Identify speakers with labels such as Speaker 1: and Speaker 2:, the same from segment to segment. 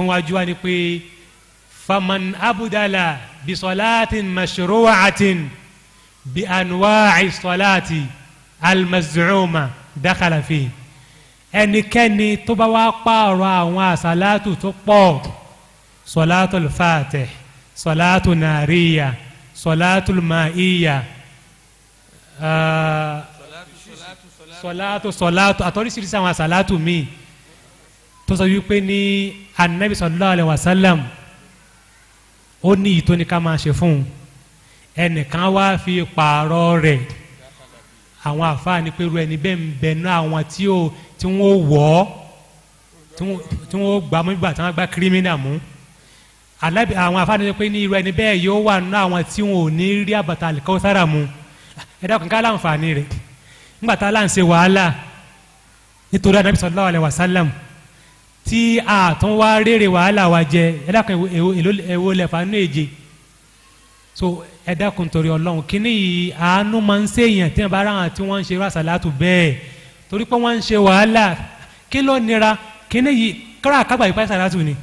Speaker 1: kan wájú wa ni pé faman abudala bisolatin mashruwacatin bi anwaaci solati almazcuma dakala fi ẹnikẹ́ni tó bá wá pààrọ̀ àwọn àsálàtù tó pọ̀ solatu alfatih solatu nariya solatu maiya ah, solatu solatu àtọ́rísìírísìí àwọn àsálàtù míì tó sọ wípé ní anabi sallallahu alaihi wasallam ó ní ìyí tó ní ká máa ṣe fún un ẹnìkan wá fi pààrọ̀ rẹ̀ àwọn àfáàní pé ru ẹni bẹ́ẹ̀ ń bẹnu àwọn tí ó tí wọ́n wọ̀ ọ́ tí wọ́n gbà mú ìgbà tí wọ́n gbà kírímínà mú alábi àwọn àfáàní sọ pé ní irú ẹni bẹ́ẹ̀ yóò wà nínú àwọn tí wọn ò ní rí àbàtà àlìkáwọ́sára mu ẹ dákun láǹfààní rẹ̀ ńgbà láǹṣe wàhálà nítorí anabi sallallahu alaihi wasallam tí a tún wá rere wàhálà wa jẹ ẹ dákun èwo lẹfà nínú èje so ẹ dákun torí Ọlọ́run kíní yìí àánú máa ń ṣèyàn tí wọn bá ra àwọn tí wọn ń ṣe rásàlátù bẹ́ẹ̀ torí pé wọn ń ṣe wàhálà kí ló nira kíní yìí kára àkàgbà yìí pàṣẹ ni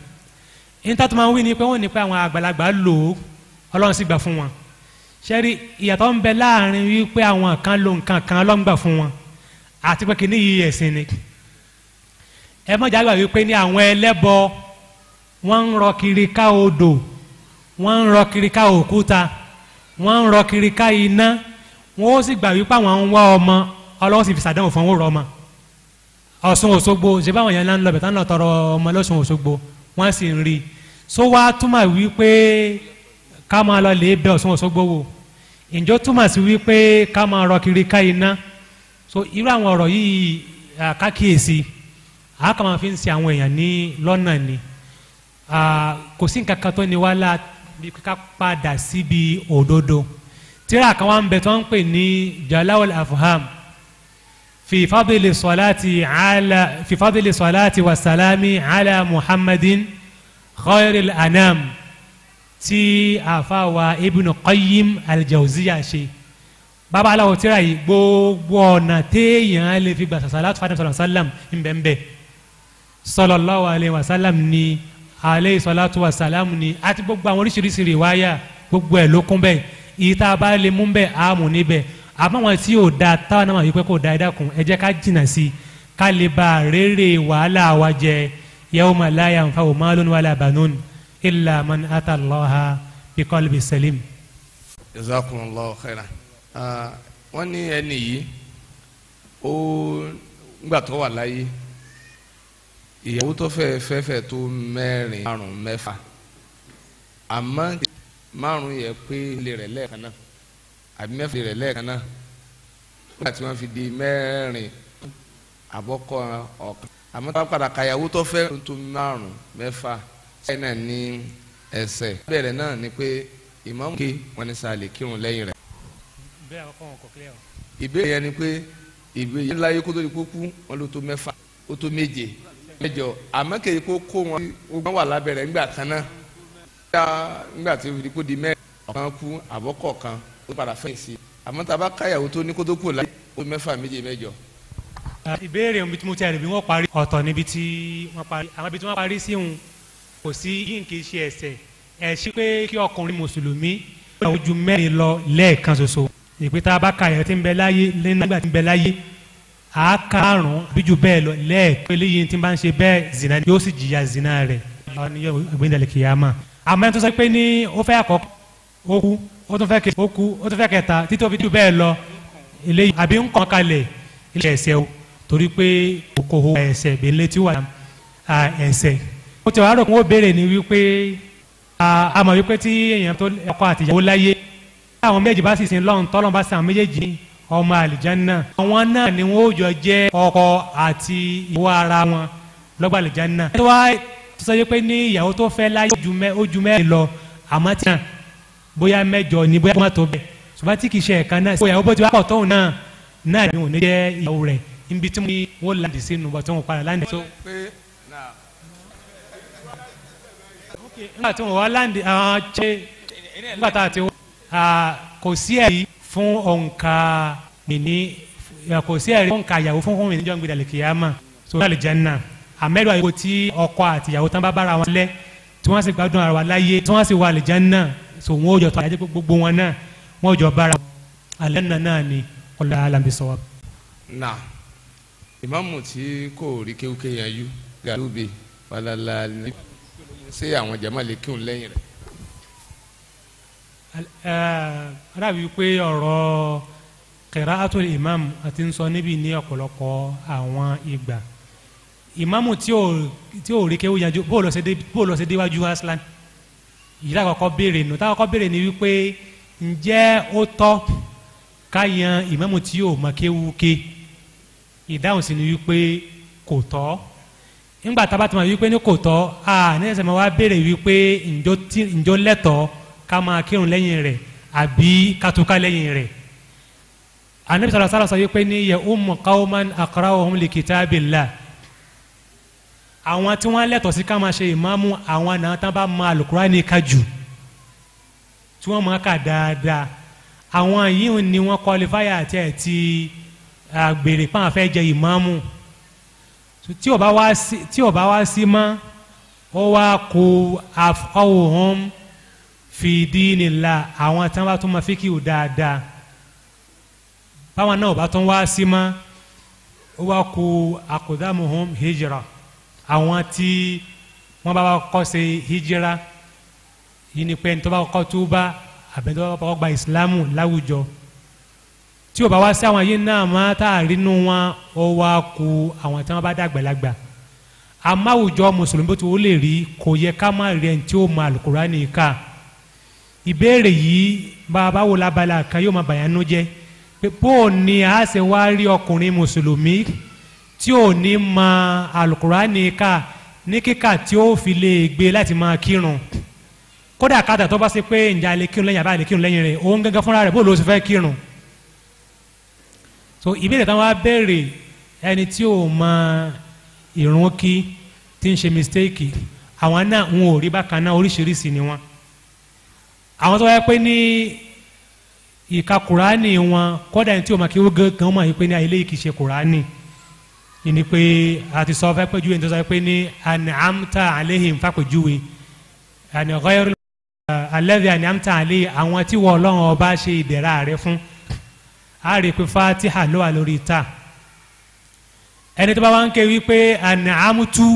Speaker 1: níta tó máa ń wí ni pé wọn ní pé àwọn àgbàlagbà lò ó Ọlọ́run sì gbà fún wọn ṣẹ́rí ìyàtọ̀ ń bẹ láàrin wípé àwọn kan lo nǹkan kan Ọlọ́run gbà fún wọn àti pé kíní yìí ẹ̀sìn ni ẹ mọ̀jà gbà wípé ní àwọn ẹlẹ́bọ wọ́n ń rọ kiri ká odò wọ́n ń rọ kiri ká òkúta wọ́n ń rọ kiri ká iná wọ́n ó sì gbà wípé àwọn ń wá ọmọ ọlọ́wọ́ sì fi sàdánwò fún wọn ọmọ Ọ̀ṣun Òṣogbo ṣe báwọn yẹn ń lọ bẹ̀tán lọ tọrọ ọmọ lọ́ṣun Òṣogbo wọ́n sì ń rí i so wá túmọ̀ wípé ká máa lọ lè bẹ Ọ̀ṣun Òṣogbo wò ìjọ túmọ̀ sí wípé ká máa rọ kiri ká iná so irú àwọn ọ̀rọ̀ yìí àkákìyèsí. Uh, a kà máa fi ń ṣe àwọn èèyàn ní lọ́nà ni kò sí nǹkan kan tó ní wá la ká padà síbi òdodo tíra kan wá ń bẹ tó ń pè ní jalawul afham fi fadli ala fi fadli wa salami ala muhammadin khairil anam tí àfàwà ibnu qayyim aljawziya ṣe babaláwo tíra yìí gbogbo ọ̀nà téèyàn lè fi gbà sàlátù fàdé sàlám ń bẹ́ẹ̀ sallallahu alayhi wa sallam ni alayhi salatu wa salam ni àti gbogbo àwọn oríṣiríṣi rìwáyà gbogbo ẹ̀ ló kún bẹ́ẹ̀ ìta bá lè mú bẹ́ẹ̀ àmú níbẹ̀ àmọ́ wọn tí yóò da táwọn náà yìí pé kò da ẹ̀dá kun ẹ ká jìnnà sí i ká lè ba rere wàhálà wa jẹ yawma la yanfa'u malun wala banun illa man ata Allaha bi qalbi salim.
Speaker 2: jazakumullahu khairan ah, wọ́n ní ẹni yìí ó ń gbà wà láyé ìyàwó tó fẹ́ fẹ́fẹ́ tó mẹ́rin márùn mẹ́fà àmọ́ márùn yẹ pé lè rẹ̀ lẹ́ẹ̀kan náà àbí mẹ́fà lè rẹ̀ lẹ́ẹ̀kan náà nígbà tí wọ́n fi di mẹ́rin àbọ̀kọ ọ̀kan àmọ́ tó padà ka ìyàwó tó fẹ́ tó márùn mẹ́fà sẹ́yìn náà ní ẹsẹ̀ bẹ̀rẹ̀ náà ni pé ìmáàmù ké wọn ní sáà lè kírun lẹ́yìn rẹ̀. ìbéèrè yẹn ni pé ìbéèrè yẹn láyé kótó ni kó wọn ló tó mẹ́fà ó tó méje mẹ́jọ àmọ́ kéye kó kó wọn wọn wà lábẹ́rẹ́ ńgbà kan náà ńgbà tí o kó di mẹ́rin ọ̀kan kú àbọ̀kọ̀ kan ó padà fẹ́yìn sí i àmọ́ tá a bá káyàwó tó ní kó tó kù láyé ó mẹ́fà méje mẹ́jọ.
Speaker 1: ìbéèrè ohun bí mo ti rẹ̀ bí wọ́n parí ọ̀tọ̀ níbi tí wọ́n parí àwọn ibi tí wọ́n parí sí òun kò sí yín kì í ṣe ẹ̀ṣẹ̀ ẹ̀ṣẹ̀ pé kí ọkùnrin mùsùlùmí ó ju mẹ́rin lọ lẹ́ẹ̀kan ṣoṣo ìpè tá a bá káyàwó tí ń bẹ láyé lẹ́yìn a karùn-ún bíjú bẹ́ẹ̀ lọ lẹ́ẹ̀pẹ́ léyìn tí n bá ń ṣe bẹ́ẹ̀ zina yóò sì jìyà zina rẹ̀ gbẹ̀ndẹ̀lẹ̀ kìyàmá àmọ́ ẹni tó sọ pé ní ó fẹ́ àkọ́kọ́ ó kú ó tún fẹ́ kejì ó kú ó tún fẹ́ kẹta títí ó fi jù bẹ́ẹ̀ lọ eléyìí àbí ń kàn kalẹ̀ ilé ẹ̀ṣẹ̀ o torí pé kòkòrò ẹ̀ṣẹ̀ bẹ́ẹ̀lẹ́ tí wà á ẹ̀ṣẹ̀ ó ti wá rò pé ó béèrè ní wípé a mọ̀ wípé tí èèyàn tó ọkọ àtìyàwó láyé àwọn méjèèjì ọmọ àlìjánná àwọn náà ni wọn ó jọ jẹ ọkọ àti ìwọ ara wọn lọ́gbà àlìjánná. ẹ wá sọ pé ní ìyàwó tó fẹ́ láyé ojú mẹ́rin lọ àmọ́ tí náà bóyá mẹ́jọ ni bóyá mọ́tò bẹ̀ ṣùgbọ́n tí kì í ṣe ẹ̀ka náà ìyàwó bó ti wá pọ̀ tóun náà náà ni òun ní jẹ́ ìyàwó rẹ̀ níbi tí wọ́n láǹdì sínú bọ̀ tí wọ́n padà láǹdì tó. nígbà tí wọ́n wá láǹdì àwọn ṣe nígbà tá fún òǹkà mìíní kò sí ẹ̀rí òǹkà ìyàwó fún fún mìíní jọ́ ń gbé dàlẹ́ kìyàmà so ní àlùjánnà àmẹ́rù àyẹ̀wò tí ọkọ àti ìyàwó tán bá bára wọn lẹ́ tí wọ́n sì gbádùn ara wa láyé tí wọ́n sì wọ àlùjánnà so wọ́n ò jọ tó àyájẹ́ gbogbo wọn náà wọ́n ò jọ bára àlùjánnà náà ni ọ̀la alambi sọ.
Speaker 2: na ìmáàmù tí kò rí kéwkéyàn yú gàdúbì falala ṣé àwọn jàmá lè kírun lẹ́yìn rẹ̀
Speaker 1: alábi pé ọ̀rọ̀ qira'atul imam àti ń sọ níbi ní ọ̀pọ̀lọpọ̀ àwọn ìgbà ìmáàmù tí ò rí kéwú yanjú bó lọ sí déwájú aslan yìí lákọ̀ọ́kọ́ béèrè nù táwọn béèrè ni wípé ǹjẹ́ ó tọ́ ká yan ìmáàmù tí ò mọ kéwú ké ìdáhùn sí ni wípé kò tọ́ ńgbà tá a bá ti wípé ní kò tọ́ a ní ẹsẹ̀ mọ́ wá béèrè wípé ǹjọ́ lẹ́tọ̀ọ́ ká máa kírun lẹ́yìn rẹ̀ àbí katuka lẹ́yìn rẹ̀ anabi sọlá sálà sọ wípé ní yẹ umu qawman aqra'uhum li kitabillah àwọn tí wọ́n lẹ́tọ̀ọ́ sí ká máa ṣe ìmáàmù àwọn náà tán bá máa alukurani ká jù tí wọ́n máa kà dáadáa àwọn yìí ni wọ́n kọlifáyà àti ẹ̀tì àgbèrè pàǹ fẹ́ jẹ ìmáàmù tí ò bá wá sí mọ́ ó wá kó àfọwọ́hún fi díìnì la àwọn tí wọn bá tún máa fíkìú dáadáa báwọn náà ò bá tún wá sí mọ́ ó wá ku àkùdámuhum hijira àwọn tí wọn bá kọ́ ṣe hijira yìí ni pé nítorí wọn kọ́ túbá àbẹ̀ nítorí wọn kọ́ gba ìsìlámù láwùjọ tí ò bá wá sí àwọn yìí náà má tá a rínú wọn ó wá ku àwọn tí wọn bá dàgbàlagbà àmọ́ mùsùlùmí tó lè rí kò yẹ ká má rí ẹni tí ó mọ àlùkùránì ká ìbéèrè yìí bàbá wo labala kan yóò máa bàyánú jẹ́ pé bóò ni a ṣe wá rí ọkùnrin mùsùlùmí tí ò ní mọ alukurani ká ní kíkà tí ó fi lè gbé láti máa kírun kódà kàtà tó bá ṣe pé ǹjẹ́ alẹ́ kírun lẹ́yìn àbá alẹ́ kírun lẹ́yìn rẹ̀ òun gángan fúnra rẹ̀ bó ló ṣe fẹ́ kírun so ìbéèrè táwọn á béèrè ẹni tí ò mọ ìrun kí tí ń ṣe mistake àwọn náà ń ò rí bákan náà oríṣiríṣi ni wọn àwọn tó wáyé pé ní ìka kùránì wọn kọ́dà ní tí o máa kí ó gan mọ̀ pé ní ayélé kì í ṣe kùránì ìní pé àti sọ fẹ́ pé juwe ní tó sọ pé ní an'amta alayhim fàpèjúwe àni ọ̀gáyọ̀rọ̀ alẹ́bí an'amta alayhim àwọn tí wọ́n ọlọ́run ọba ṣe ìdẹ̀ra rẹ̀ fún a pé fatiha ló wà lórí ta ẹni tó bá wá ń ké wípé an'amtu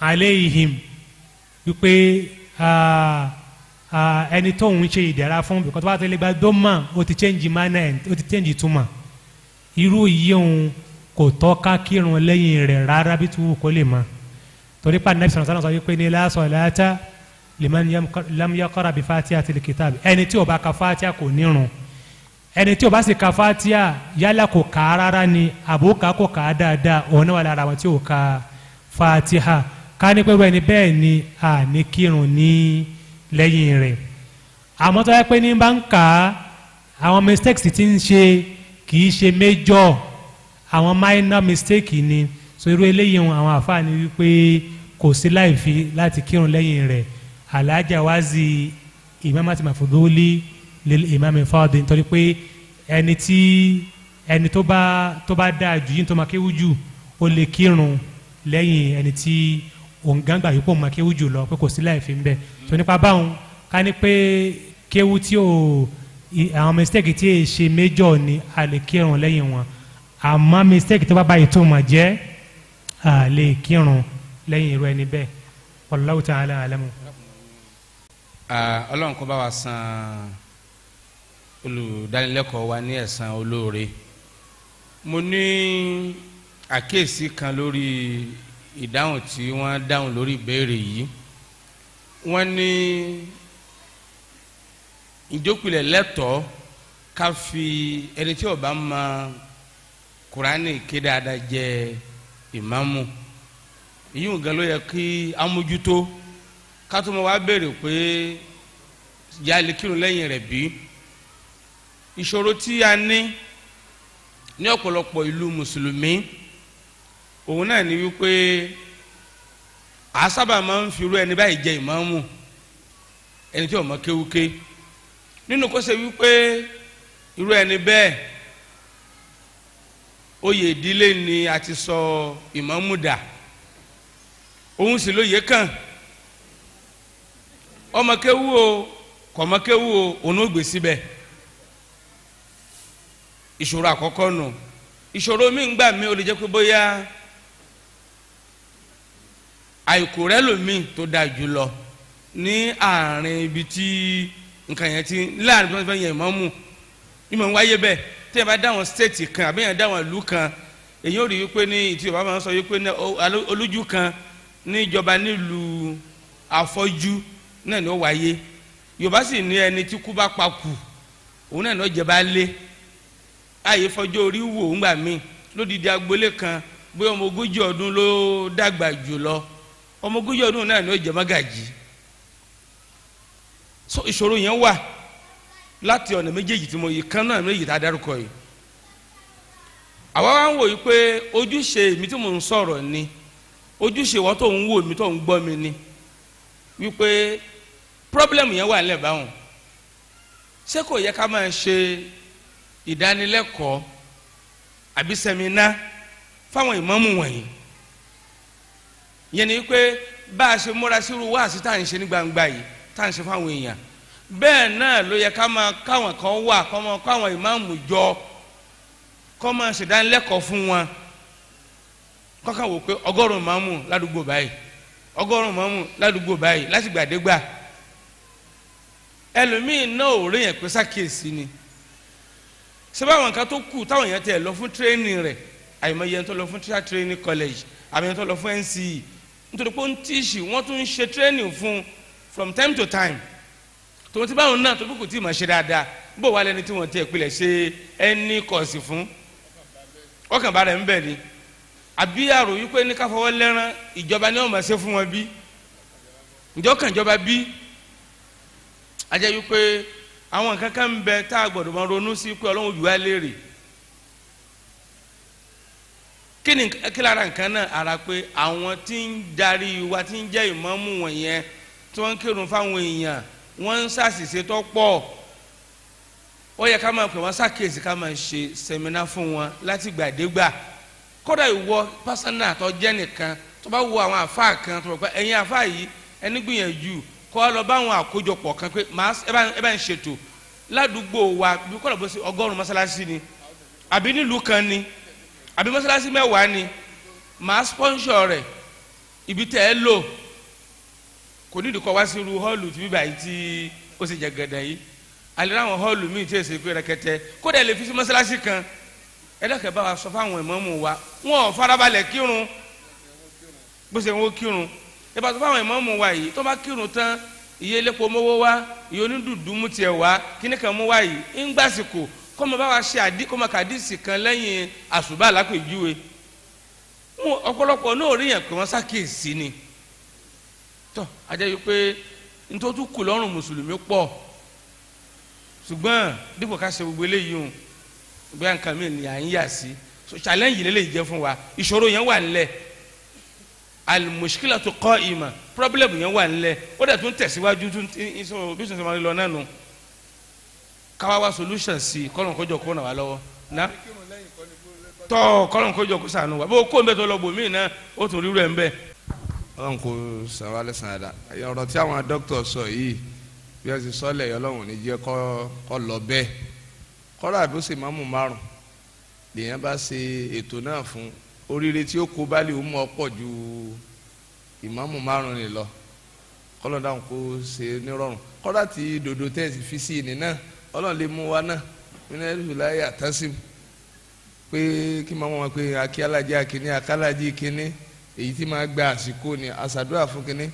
Speaker 1: alayhim wípé. Uh, ẹni tó ń ṣe ìdẹ̀ra fún bìkọ́ tó bá tẹ́lẹ̀ gba dọ́mà ó ti change manner ó ti change ìtumọ̀ irú yìí òun kò tọ́ ká kírun lẹ́yìn rẹ̀ rárá bí tuwú kó lè mọ torí pa nẹ́bí sọ̀rọ̀ sọ̀rọ̀ sọ wípé ní la salata liman lam yaqra bi fatihatil kitab ẹni tí ó bá ka fatiha kò nírun ẹni tí ó bá sì ka fatiha yálà kò kà á rárá ni àbúkà kò kà dáadáa òun náà wà lára àwọn tí ò ka fatiha ká ní pẹ́rú ẹni bẹ́ẹ̀ ni à ní kírun ní. Ni lẹ́yìn rẹ̀ àmọ́ tó yẹ pé ní bá ń kà á àwọn mistakes ti ń ṣe kì í ṣe major àwọn minor mistake ni so irú eléyìí àwọn àfáàní wípé kò sí láìfi láti kírun lẹ́yìn rẹ̀ alájà wáàzì ìmáàmàtì màfúdúlì lè ìmáàmì fáwọn dèntọ́ ni pé ẹni tí ẹni tó bá tó bá dáa jù yín tó máa kéwú jù ó lè kírun lẹ́yìn ẹni tí òǹgàngbà yìí pò mọ kéwú jù lọ pé kò sí láì fi ń bẹ so nípa báwọn ká ní pé kéwú tí ò àwọn mistake tí èyí ṣe méjọ ni a lè kírun lẹ́yìn wọn àmọ́ mistake tó bá bá ìtumọ̀ jẹ́ a lè kírun lẹ́yìn irú ẹni bẹ́ẹ̀ Wallahu ta'ala alamu.
Speaker 3: ọlọ́run kó bá wa san olùdánilẹ́kọ̀ọ́ wa ní ẹ̀san olóore mo ní àkíyèsí kan lórí ìdáhùn tí wọ́n dáhùn lórí ìbéèrè yìí wọ́n ní ìjókòlẹ̀ lẹ́tọ̀ọ́ ká fi ẹni tí ó bá ma kùránì ké dáadáa jẹ ìmáàmù èyí nǹkan ló yẹ kí amójútó ká tó béèrè pé jáde kírun lẹ́yìn rẹ̀ bí ìṣòro tí a ní ní ọ̀pọ̀lọpọ̀ ìlú mùsùlùmí. òun náà ni wípé àásábà máa ń fi irú ẹni báyìí jẹ ìmáàmù ẹni tí ọmọ kéwúké nínú kó ṣe wípé irú ẹni bẹ́ẹ̀ oyè ìdílé ni a ti sọ ìmáàmù dà òun sì lóye kàn ọmọ kéwú o kọ̀mọ́ kéwú o òun gbé síbẹ̀ ìṣòro àkọ́kọ́ nù ìṣòro mi ń gbà mí àìkò rẹ lòmíì tó dáa jù lọ ní àárín ibi tí nǹkan yẹn ti láàrin tí wọ́n fẹ́ yẹn mọ́ mú ìmọ̀ ń wáyé bẹ́ẹ̀ tí yẹn bá dáwọn stéètì kan àbí yẹn dáwọn ìlú kan èyí ò rí wípé ní ìtì yorùbá máa ń sọ wípé ní olójú kan níjọba nílùú afọ́jú náà ni ó wáyé yorùbá sì ní ẹni tí kú bá pa òun náà ni ó jẹba lé ààyè fọjọ́ orí wò ńgbà míì lódìdí agboolé kan bóyá ọmọ ogójì ọdún ló dàgbà jù lọ ọmọ ogójì ọdún náà ni ó jẹ mágàjì so ìṣòro yẹn wà láti ọ̀nà méjèèjì tí mo yìí kan náà méjèèjì tá a dárúkọ yìí àwa wá ń wòye pé ojúṣe mi tí mò ń sọ̀rọ̀ ni ojúṣe wọn tó ń wò mí tó ń gbọ́ mi ni wípé pírọ́blẹ́mù yẹn wà nílẹ̀ báwọn ṣé kò yẹ ká máa ṣe ìdánilẹ́kọ̀ọ́ àbí sẹ́mínà fáwọn ìmáàmù wọ̀nyí yẹn ni pé bá a ṣe múra sí irú wáàsí tá à ń ṣe ní gbangba yìí tá à ń ṣe fáwọn èèyàn bẹ́ẹ̀ náà ló yẹ ká máa káwọn kan wà kọ́ máa kọ́ àwọn ìmáàmù jọ kọ́ máa ṣèdánilẹ́kọ̀ọ́ fún wọn kọ́kàn wò pé ọgọ́rùn-ún ìmáàmù ládùúgbò báyìí ọgọ́rùn-ún ìmáàmù ládùúgbò báyìí látìgbàdégbà ẹlòmíì náà ò rí pé sákèsí ni sẹ́bà àwọn nǹkan tó kù táwọn èèyàn tẹ̀ lọ fún tírénì rẹ̀ àyèmọ̀ college àmì yẹn tó NCE nítorí pé ó ń tíṣì wọ́n tún ń ṣe training fún un from time to time tòun ti báwọn náà tó bí kò tí ì mọ̀ ṣe dáadáa bó wà lẹni tí wọ́n ti ẹ̀pìlẹ̀ ṣe ẹni kọ̀ọ̀sì fún ọkàn bá rẹ̀ ń bẹ̀ ni àbí àrò yìí pé ní ká fọwọ́ lẹ́rán ìjọba ni wọ́n máa ṣe fún wọn bí ǹjọ́ kàn jọba bí ajẹ́ yìí pé àwọn nǹkan kan ń bẹ tá a gbọ́dọ̀ máa ronú sí pé ọlọ́run jù wá léèrè kí ni kí lára nǹkan náà ara pé àwọn tí ń darí wa tí ń jẹ́ ìmámù wọ̀nyẹn tí wọ́n ń kírun fáwọn èèyàn wọ́n ń ṣàṣìṣe tó pọ̀ ó yẹ ká máa pè wọ́n ṣàkíyèsí ká máa ṣe sẹ́mínà fún wọn láti gbàdégbà kódà ìwọ pásánà tó jẹ́ nìkan tó bá wo àwọn àfáà kan tó rò pé ẹ̀yin àfáà yìí ẹni gbìyànjú kọ́ lọ bá àwọn àkójọpọ̀ kan pé màá ẹ bá ń ṣètò ládùúgbò wa bí kọ́lọ̀ àbí mọ́sálásí mẹ́wàá ni màá spọ́nṣọ rẹ̀ ibi tẹ́ ẹ lò kò ní ìdíkọ̀ wá sí irú họ́ọ̀lù tí bíbá yìí tí ó sì jẹ gẹ̀dẹ̀ yìí àlera àwọn họ́ọ̀lù míì tí èsì pé rẹ̀kẹ̀tẹ̀ kódà lè fi sí mọ́sálásí kan ẹ̀dọ́kẹ̀ bá wa sọ fáwọn ìmáàmù wa wọn ò farabalẹ̀ kírun bó ṣe ń wó kírun ìbá sọ fáwọn ìmáàmù wa yìí tó bá kírun tán iye elépo mówó wá tiẹ̀ wá kíníkan mú wá yìí ń gbàsìkò kó máa bá wa ṣe àdí kó máa kàdísì kan lẹ́yìn àṣùbà lápèjúwe ọ̀pọ̀lọpọ̀ náà rí yẹn pé wọ́n ṣàkíyèsí ni tọ́ ajẹ́ yìí pé nítorí kù lọ́rùn mùsùlùmí pọ̀ ṣùgbọ́n dípò ká ṣe gbogbo eléyìí o gbé nǹkan mi ni à ń yà sí so challenge lélẹ́yìí jẹ́ fún wa ìṣòro yẹn wà nílẹ̀ al-mushkilatu qa'ima problem yẹn wà nílẹ̀ ó dẹ̀ tún tẹ̀síwájú tún bí sọ̀rọ̀ bí sọ̀rọ̀ máa lọ náà nù káwá wá solution sí kọ́lọ́n kójọ kó nà wá lọ́wọ́ ná tọ́ kọ́lọ́n kójọ kó sànù wá
Speaker 2: bó kó ń bẹ tó lọ bòmí náà ó tún rírọ ẹ̀ ń bẹ. ọlọ́run kò sàn wálé sàn dá ọ̀rọ̀ tí àwọn dókítà sọ yìí bí wọ́n ti sọ́lẹ̀ ọlọ́run ní jẹ́ kọ́ lọ bẹ́ẹ̀ kọ́ra bí ó márùn lèèyàn bá ṣe ètò náà fún oríire tí ó kó bálẹ̀ ó mú ọ pọ̀ ju ìmáàmù márùn ni lọ kọ́lọ́dà kó ṣe nírọ̀rùn kọ́ra ti dòdò tẹ́sí fi ọlọ́run lè mú wa náà nínú ẹ̀rù láyé àtàsìm pé kí máa wọn pé akí alájẹ akíní akálàjì kíní èyí tí máa gba àsìkò ni àṣàdúrà fún kíní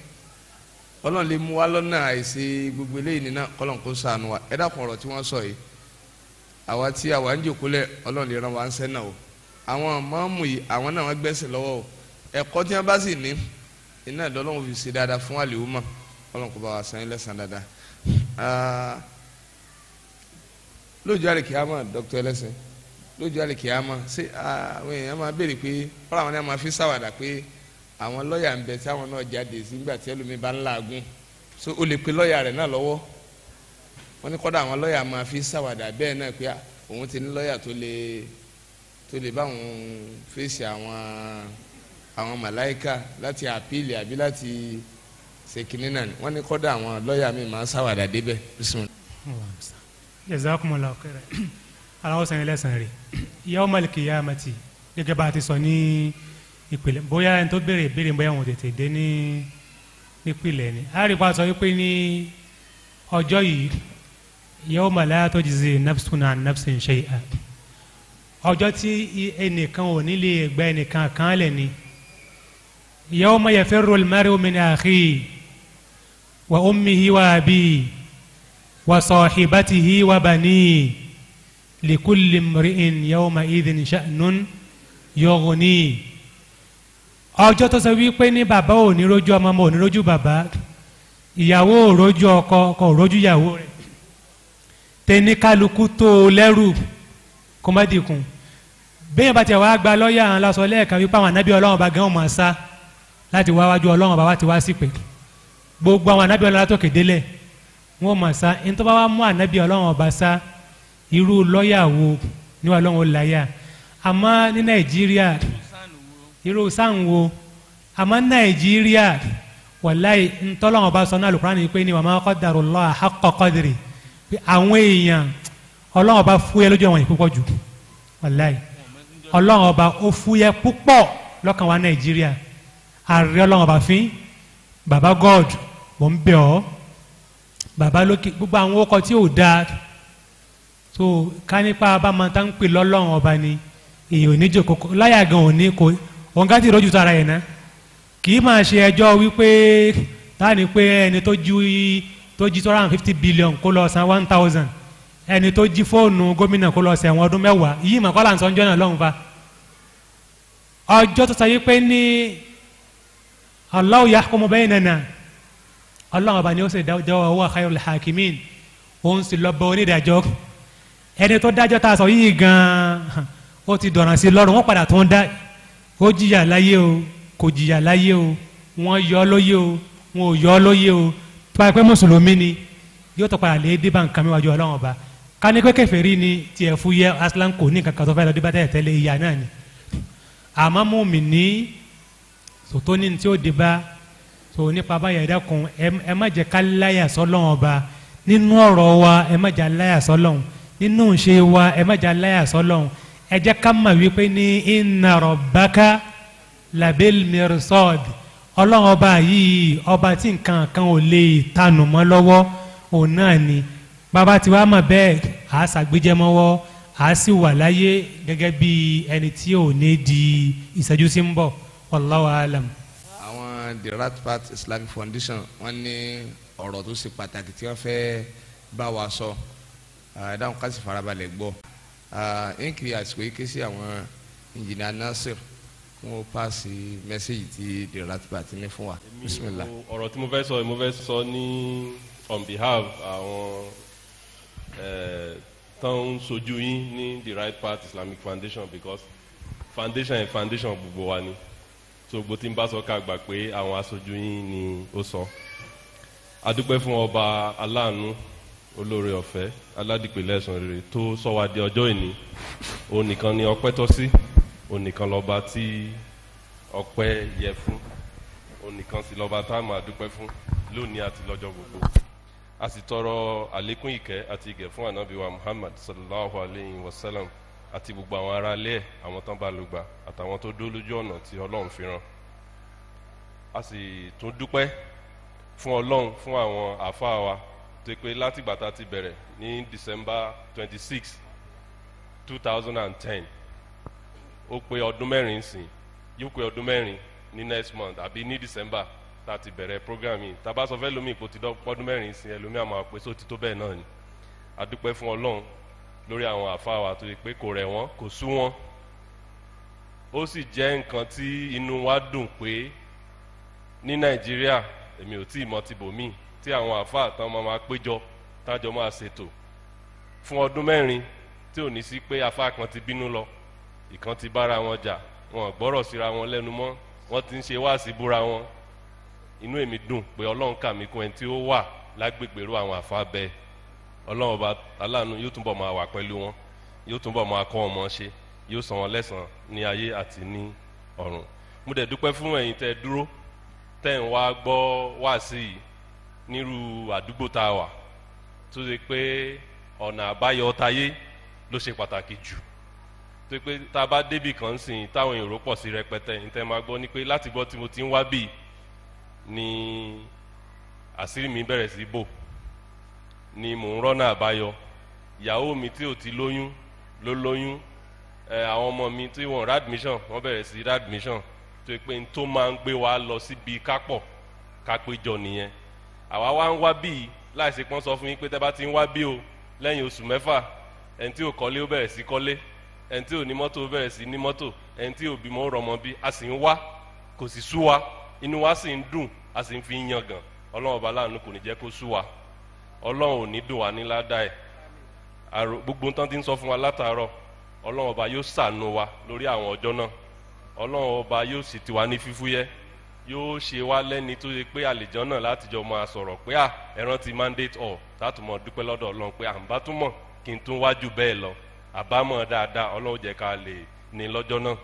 Speaker 2: ọlọ́run lè mú wa lọ́nà àìsí gbogbo eléyìí nínú ọlọ́run kó sànù wa ẹ dákun ọ̀rọ̀ tí wọ́n sọ yìí àwa tí àwa ń jòkólẹ̀ ọlọ́run lè ràn wá ń sẹ́nà o àwọn mọ́ọ̀mù yìí àwọn náà wọ́n gbẹ́sẹ̀ lọ́wọ́ o ẹ̀kọ́ tí wọ́n bá sì ní iná ìdọ́lọ́run fi ṣe dáadáa fún àlè ọlọ́run kó bá wa san ilẹ̀ san dáadáa ah, lójú àlè kìámà dr ẹlẹ́sìn lójú àlè kìámà ṣé àwọn èèyàn máa béèrè pé fúnra wọn ni wọn máa fi ṣàwàdà pé àwọn lọ́ọ̀yà ń bẹ tí àwọn náà jáde sí nígbà tí ẹlòmíín bá ń làágùn so ó lè pe lọ́ọ̀yà rẹ̀ náà lọ́wọ́ wọn ní kọ́dà àwọn lọ́ọ̀yà máa fi ṣàwàdà bẹ́ẹ̀ náà pé òun ti ní lọ́ọ̀yà tó lè tó lè bá òun fèsì àwọn àwọn màláìka láti àpìlì àbí láti ṣèkínní wọn ní kọ́dà àwọn lọ́ọ̀yà mi máa ń débẹ̀ bísí
Speaker 1: jazakumullahu khairan aláwọ̀ sàn ilẹ̀ sàn rè yawmal qiyamati gẹ́gẹ́ bá a ti sọ ní ìpìlẹ̀ bóyá ẹni tó béèrè béèrè bóyá wọn tètè dé ní ìpìlẹ̀ ni a rí pa sọ wípé ní ọjọ́ yìí yawma la tujzi nafsun an nafsin shay'a ọjọ́ tí ẹnìkan ò ní lè ẹnìkan kan lẹ̀ ni yawma yafirru al-mar'u min akhihi wa ummihi wa abihi. وصاحبته وبنيه لكل امرئ يومئذ شأن يغني ọjọ́ tó sọ wípé ní bàbá ò ní rojú ọmọ ọmọ ò ní rojú bàbá ìyàwó ò rojú ọkọ ọkọ ò rojú ìyàwó rẹ̀ tẹni kálukú tó o lẹ́rù kó má dìkun bẹ́ẹ̀ bá tiẹ̀ wá gba lọ́ọ̀yà àwọn aláṣọ lẹ́ẹ̀kan wípé àwọn anábì ọlọ́run bá gẹ́wọ̀n máa sá láti wá wájú ọlọ́run bá wá ti wá sí pé gbogbo àwọn anábì ọlọ́run látòkè délẹ̀ wọn mọ̀ sá ntọ́ bá wá mú ànábì ọlọ́run ọba sá irú lọ́ọ̀yà wo ni wọn lọ́wọ́ láyà àmọ́ ní nàìjíríà irú sáà wo àmọ́ nàìjíríà wàláyé ntọ́lọ́wọ́n ọba sọ náà lùkúránì pé ni wa ma qaddarullaha haqqa qadri pé àwọn èèyàn ọlọ́run ọba fúyẹ́ lójú àwọn ìpúpọ̀ jù wàláyé ọlọ́run ọba ó fúyẹ́ púpọ̀ lọ́kàn wa nàìjíríà ààrẹ ọlọ́run ọba fín baba god mo ń bẹ̀ ọ́ bàbá lókè gbogbo àwọn ọkọ tí ò dáa so ká nípa bá máa tá ń pè lọ́lọ́run ọba ni èyí ò ní jò kókó láyà gan ò ní kó ọ̀ǹgá ti rọ́jú tara ẹ̀ ná kì í máa ṣe ẹjọ́ wípé táàní pé ẹni tó ju tó jí two hundred and fifty billion kó lọ san one thousand ẹni tó jí fóònù gómìnà kó lọ sẹ̀wọ̀n ọdún mẹ́wàá yìí mà kọ́là ń sọ ọjọ́ náà lọ́hùn fa ọjọ́ tó sọ yí pé ní Allahu yahkumu baynana ọlọ́run ọba ni ó sì dájọ́ wa khairul hakimin òun sì lọ bọ onídàájọ́ ẹni tó dájọ́ tá a sọ yìí gan-an ó ti dọ̀ràn sí lọ́rùn wọ́n padà tó ń dá ó jìyà láyé o kò jìyà láyé o wọ́n yọ ọ́ lóye o wọn ò yọ ọ́ lóye o tó bá yẹ pé mùsùlùmí ni yóò tó padà lè dé bá nǹkan mi wájú ọlọ́run ọba ká ní pé kèfèrí ni tiẹ̀ fú yẹ aslan kò ní kankan tó fẹ́ lọ dé bá tẹ̀lé ìyá náà ni àmọ́ mùmí ní sòtóní tí ó dé bá so nípa báyà ẹ dákun ẹ má jẹ́ ká láyà sọ́lọ́run ọba nínú ọ̀rọ̀ wa ẹ má jẹ́ aláyà sọ́lọ́run nínú ìṣe wa ẹ má jẹ́ aláyà sọ́lọ́run ẹ jẹ́ ká mọ̀ wípé ní inna rabbaka labil mirsad ọlọ́run ọba yìí ọba tí nǹkan kan ò lè tanù mọ́ lọ́wọ́ òun náà ni bàbá tí wàá mọ̀ bẹ́ẹ̀ àá ṣàgbéjẹmọ́wọ́ àá sì wà láyé gẹ́gẹ́ bí ẹni tí ò ní di ìṣẹ́jú sí ń bọ̀ wallahu alam
Speaker 2: àwọn the right path islamic foundation wọ́n ní ọ̀rọ̀ tó ṣe pàtàkì tí wọ́n fẹ́ bá wa sọ ẹ̀dáhùn ká sì farabalẹ̀ gbọ́ àsìkò yìí ké sí àwọn engineer nasir kí wọ́n paasi mẹ́sẹ̀gì tí the right path ní fún wa bisimilah.
Speaker 4: ọ̀rọ̀ tí mo fẹ́ sọ mo fẹ́ sọ ní on behalf àwọn tán ń sojú yín ní the right path islamic foundation because foundation ẹ̀ foundation gbogbo wa ni so gbogbo tí n bá sọ ká gbà pé àwọn aṣojú yín ni ó sọ adúpẹ́ fún ọba aláàánú olóore ọ̀fẹ́ aládìpẹ̀lẹ̀ ẹ̀sán rere tó sọ wá di ọjọ́ ìní òun nìkan ni ọpẹ́ tọ́ sí òun nìkan lọ́ba tí ọpẹ́ yẹ fún òun nìkan sì lọ́ba tá a fún lónìí àti lọ́jọ́ gbogbo a sì tọrọ àlékún ìkẹ́ àti ìgẹ̀ fún ànábì Muhammad sallallahu alayhi wa sallam àti gbogbo àwọn ará ilé ẹ̀ àwọn tán bá lùgbà àtàwọn tó dó lójú ọ̀nà tí ọlọ́run fi ràn a sì tún dúpẹ́ fún ọlọ́run fún àwọn àáfàá wa tó pé látìgbà tá a ti bẹ̀rẹ̀ ní December twenty six two thousand and ten ó pé ọdún mẹ́rin sìn yóò pé ọdún mẹ́rin ní next month àbí ní December tá a ti bẹ̀rẹ̀ program yìí tá a bá sọ fẹ́ lómi ipò ti dọ́pọ́dún mẹ́rin sìn ẹlòmíà máa só ti tó bẹ́ẹ̀ náà ni a dúpẹ́ fún ọlọ́run lórí àwọn àfáà wa tó yẹ pé kò rẹ̀ wọ́n kò sú wọn ó sì jẹ́ nǹkan tí inú wa dùn pé ní nàìjíríà èmi ò tí ì mọ tibòmíì tí àwọn àfáà tán máa máa péjọ tájọ máa ṣètò fún ọdún mẹ́rin tí ò ní sí pé afáà kan ti bínú lọ ìkan ti bára wọn jà wọn gbọ́rọ̀ síra wọn lẹ́nu mọ́ wọ́n ti ń ṣe wáàsí búra wọn inú èmi dùn pé ọlọ́run kà mí kún ẹni tí ó wà lágbègbèrú àwọn àfáà bẹ́ẹ̀ ọlọ́run ọba aláàánú yóò túnbọ̀ máa wà pẹ̀lú wọn yóò túnbọ̀ máa kọ́ wọn mọ́ ṣe yóò san wọn lẹ́sàn-án ní ayé àti ní ọ̀run mo dẹ̀ dúpẹ́ fún ẹ̀yin tẹ́ dúró tẹ́ ń wá gbọ́ wá sí i nírú àdúgbò tá a wà tó ṣe pé ọ̀nà àbáyọ tayé ló ṣe pàtàkì jù tó ṣe pé tá a bá débì kan sìn táwọn èrò pọ̀ sí rẹpẹtẹ ní tẹ́ máa gbọ́ ni pé láti gbọ́ tí mo ti ń wá bì ní àṣírí mi bẹ̀rẹ̀ sí bò ni mò ń rọ́nà àbáyọ ìyàwó mi tí ò ti lóyún ló lóyún ẹ àwọn ọmọ mi tí wọ́n radmission wọ́n bẹ̀rẹ̀ sí radmission tó pé n tó máa ń gbé wa lọ síbi kápọ̀ kápéjọ nìyẹn àwa wá ń wá bíi láìsí pọ́n sọ fún yín pé tẹ́ bá ti ń wá bí o lẹ́yìn oṣù mẹ́fà ẹni tí ò kọ́lé ó bẹ̀rẹ̀ sí kọ́lé ẹni tí ò ní mọ́tò ó bẹ̀rẹ̀ sí ní mọ́tò ẹni tí ò bímọ ó rọmọ bí a sì ń wá kò sì sú wa inú wa sì ń dùn a sì ń fi yan gan ọlọ́run ọba láàánú kò ní jẹ́ kó sú wa ọlọ́run ò ní dùn wá ní ládàá ẹ̀ gbogbo tán ti ń sọ fún wa látàárọ̀ ọlọ́run ọba yóò ṣàánú wa lórí àwọn ọjọ́ náà ọlọ́run ọba yóò sì tiwa ní fífúyẹ́ yóò ṣe wá lẹ́ni tó ṣe pé àlejò náà látijọ́ máa sọ̀rọ̀ pé à ẹran ti mandate ọ̀ tátùmọ̀ dúpẹ́ lọ́dọ̀ ọlọ́run pé à ń bá túmọ̀ kí n tún wájú bẹ́ẹ̀ lọ àbámọ̀ dáadáa ọlọ́run jẹ́ ká lè ní lọ́jọ́ náà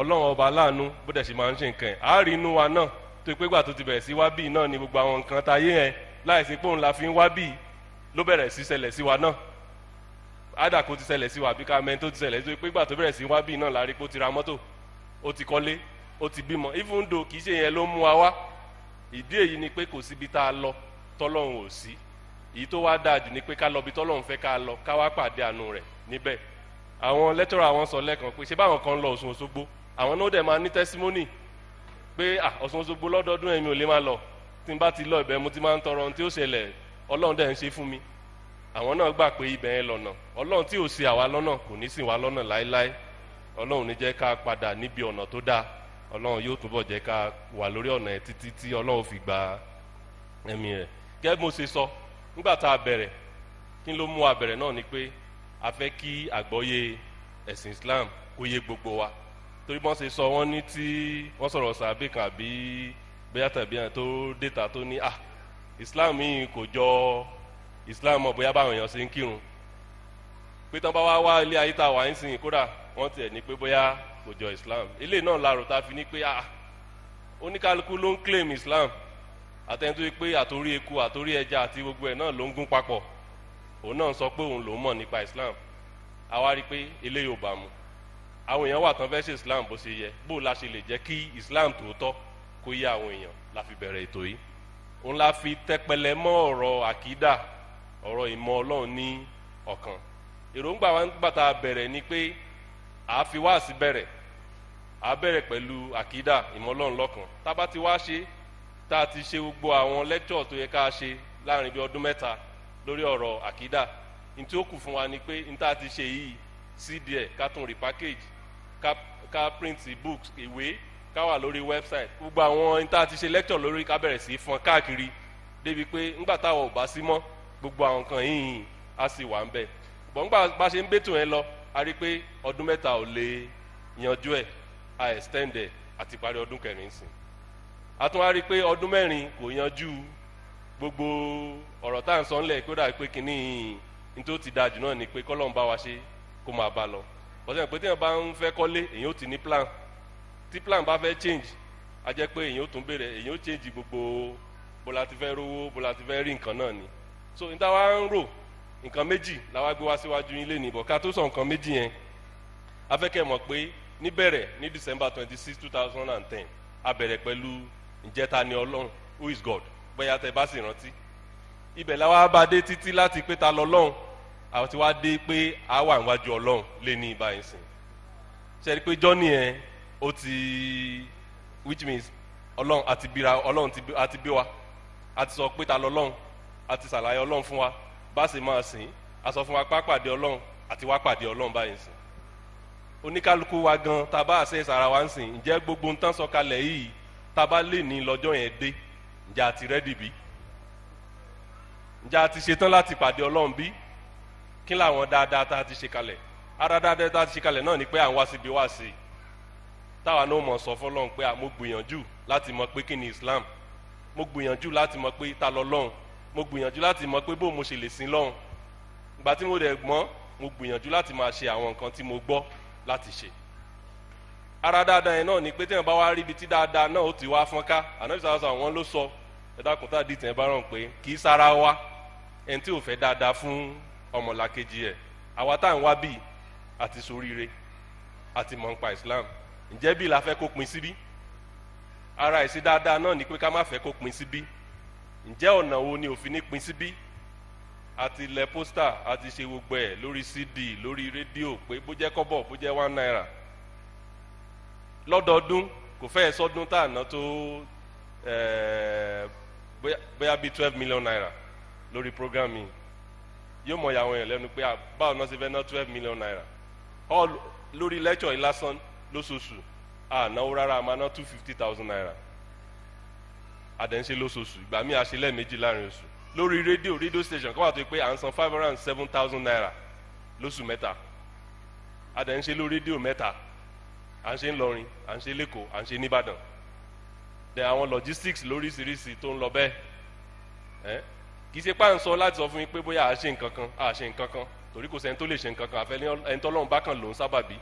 Speaker 4: ọlọ́run ọba aláàánú bó dẹ̀ ṣe máa ń ṣe nǹkan ẹ̀ àárínú wa náà tó pé gbà tó ti bẹ̀rẹ̀ sí wá bíi náà ni gbogbo àwọn nǹkan táyé yẹn láìsí pé òun la fi ń wá bíi ló bẹ̀rẹ̀ sí ṣẹlẹ̀ sí wa náà ádàkó ti ṣẹlẹ̀ sí wa àbí ká mẹ́ńtó ti ṣẹlẹ̀ sí wa pé ìgbà tó bẹ̀rẹ̀ sí wá bíi náà la rí pé ó ti ra mọ́tò ó ti kọ́lé ó ti bímọ even though kì í ṣe yẹn ló mú wa wá ìdí èyí ni pé kò síbi tá a lọ tọ́lọ́run ò sí èyí tó wá dáa jù ni pé ká lọ bí tọ́lọ́run fẹ́ ká lọ ká wá pàdé àánú rẹ̀ níbẹ̀ àwọn lẹ́tọ̀rọ̀ àwọn sọ lẹ́ẹ̀kan pé ṣé báwọn kan lọ Ọ̀ṣun Òṣogbo àwọn náà dẹ̀ máa ní tẹ́símọ́nì pé Ọ̀ṣun Òṣogbo lọ́dọọdún ẹ̀mí ò lè máa lọ tí n bá ti lọ ibẹ̀ mo ti máa ń tọrọ ohun tí ó ṣẹlẹ̀ ọlọ́run dẹ̀ ń ṣe fún mi àwọn náà gbà pé ibẹ̀ yẹn lọ́nà ọlọ́run tí ò ṣì àwa lọ́nà kò ní ṣì wá lọ́nà láéláé ọlọ́run ní jẹ́ ká padà níbi ọ̀nà tó dáa ọlọ́run yóò túbọ̀ jẹ́ ká wà lórí ọ̀nà ẹ̀ títí tí ọlọ́run fi gba ẹ̀mí rẹ̀ gẹ́gẹ́ mo ṣe sọ nígbà tá a bẹ̀rẹ̀ kí ló mú a bẹ̀rẹ̀ náà ni pé a fẹ́ kí àgbọ́yé ẹ̀sìn Islam kó yé gbogbo wa torí wọ́n ṣe sọ wọ́n ní tí wọ́n sọ̀rọ̀ sàbẹ̀ àbí bóyá tàbí hàn tó déta tó ní ah islam yìí kò jọ islam mọ bóyá báwọn èèyàn ṣe ń kírun pé tán bá wá wá ilé ayé tá a wà ń sìn kódà wọ́n tiẹ̀ ní pé bóyá kò jọ islam ilé náà la rò tá a fi ní pé ah oníkálukú ló ń claim islam àtẹnudó yìí pé àtòrí eku àtòrí ẹja àti gbogbo ẹ̀ náà ló ń gún papọ̀ òun náà sọ pé òun lòún mọ̀ nípa islam àwa rí i pé eléyìí ò bá mu àwọn èèyàn wà tán fẹ́ ṣe islam bó ṣe yẹ bó la ṣe lè jẹ́ kí islam tòótọ́ kó yé àwọn èèyàn la fi bẹ̀rẹ̀ ètò yìí òun la fi tẹpẹlẹ mọ́ ọ̀rọ̀ àkídà ọ̀rọ̀ ìmọ̀ ọlọ́run ní ọ̀kan èròǹgbà wa nígbà tá bẹ̀rẹ̀ ni pé a fi wá sí bẹ̀rẹ̀ a bẹ̀rẹ̀ pẹ̀lú àkídà ìmọ̀ ọlọ́run lọ́kan tá a bá ti wá ṣe tá a ti ṣe gbogbo àwọn lẹ́kítọ̀ tó yẹ ká ṣe láàrin bí ọdún mẹ́ta lórí ọ̀rọ̀ àkídà ní tí ó kù fún wa ni pé ní tá a ti ṣe yìí cd ẹ̀ e, ká tún repackage ká print books ìwé ká wà lórí website gbogbo àwọn níta ti ṣe lecture lórí ká bẹ̀rẹ̀ sí fọn káàkiri débi pé ńgbà táwọn ò bá sí mọ́ gbogbo àwọn nǹkan yìnyín á sì wà ń bẹ̀ bọ̀ ńgbà bá ṣe ń bẹ́tò yẹn lọ a rí i pé ọdún mẹ́ta ò lè yanjú ẹ̀ a extend ẹ̀ àti parí ọdún kẹrin sí a tún wá rí i pé ọdún mẹ́rin kò yanjú gbogbo ọ̀rọ̀ tá à ń sọ ńlẹ̀ kó dà pé kínní ní tó ti dáa náà ni pé kọ́lọ́ọ̀ plan tí plan bá fẹ́ change a jẹ́ pé èyàn ó tún béèrè èyàn ó change gbogbo bó la ti fẹ́ rówó bó la ti fẹ́ rí nǹkan náà ni so n ta wá ń rò nǹkan méjì la wá gbé wá síwájú yín lé ká tó sọ nǹkan méjì yẹn a fẹ́ kẹ́ mọ̀ pé níbẹ̀rẹ̀ ní December twenty six two thousand and ten a bẹ̀rẹ̀ pẹ̀lú ǹjẹ́ ta ni Ọlọ́run who is God bóyá tẹ bá sì rántí ibẹ̀ la wá bá dé títí láti pé ta lọ́lọ́run àti wá dé pé a wà níwájú Ọlọ́run lé ní ibà ẹ̀sìn ṣe pé jọ́ni yẹn ó ti which means ọlọ́run àti bíra ọlọ́run àti bí wa àti sọ pé ta lọ́lọ́run àti sàlàyé ọlọ́run fún wa bá a sì máa sìn a sọ fún wa pá pàdé ọlọ́run àti wá pàdé ọlọ́run báyìí sìn oníkálukú wa gan tá a bá àṣẹ wa ń sìn ǹjẹ́ gbogbo ń tán sọkalẹ̀ yìí tá bá lè ní lọ́jọ́ yẹn dé ǹjẹ́ a ti rẹ́dì bí ǹjẹ́ a ti ṣetán láti pàdé ọlọ́run bí kí làwọn dáadáa tá ti ṣe kalẹ̀ ara dáadáa tá a ti ṣe kalẹ̀ náà ni pé à ń wá síbi wá sí táwa náà mọ̀ sọ fọlọ́run pé mo gbìyànjú láti mọ̀ pé kí ni Islam mo gbìyànjú láti mọ̀ pé ta lọ lọ́hùn mo gbìyànjú láti mọ̀ pé bó mo ṣe lè sin lọ́hùn ìgbà tí mo dẹ̀ gbọ́n mo gbìyànjú láti máa ṣe àwọn nǹkan tí mo gbọ́ láti ṣe ara dáadáa yẹn náà ni pé téèyàn bá wá rí ibi tí dáadáa náà ó ti wá fọ́nká ànábì sàrọ̀sà wọn ló sọ ẹ̀dákun tá a dìtẹ̀ bá rán pé kì í sára wa ẹni tí ò fẹ́ dáadáa fún ọmọlàkejì ẹ̀ àwa tá ń wá bíi àti soríire àti mọ̀npa Islam ǹjẹ́ bí la fẹ́ kó pin síbí ara ìsí dáadáa náà ni pé ká má fẹ́ kó pin síbí ǹjẹ́ ọ̀nà wo ni òfin ní pin síbí àti ilẹ̀ pósítà àti ṣe gbogbo ẹ̀ lórí cd lórí rédíò pé bó jẹ́ kọ́bọ̀ bó jẹ́ one naira lọ́dọọdún kò fẹ́ sọ́dún tá àná tó eh, bóyá bíi twelve million naira lórí program yìí yóò mọ̀ ìyàwó yẹn lẹ́nu pé báwo náà ṣe fẹ́ ná twelve million naira all lórí lecture yìí lóṣooṣù à náwó rárá a máa ná two fifty thousand naira àdẹ́nṣe lóṣooṣù ìgbà míì àṣelẹ̀ méjì láàrin oṣù lórí rédíò rédíò station kọ́ wà tó pé à ń san five hundred and seven thousand naira lóṣù mẹ́ta àdẹ́nṣe lórí rédíò mẹ́ta à ń ṣe ń lọrin à ń ṣe lẹ́kọ̀ọ́ à ń ṣe nìbàdàn dẹ àwọn logistics lóríṣiríṣi tó ń lọ bẹ́ẹ̀ ẹ́ kì í ṣe pá ń sọ láti sọ fún yín pé bóyá à ṣe nǹkan kan à ṣe nǹkan kan torí kò sẹ́ni tó lè ṣe nǹkan kan àfẹ́ ẹni tọ́lọ́run bá kàn lòún sábàbí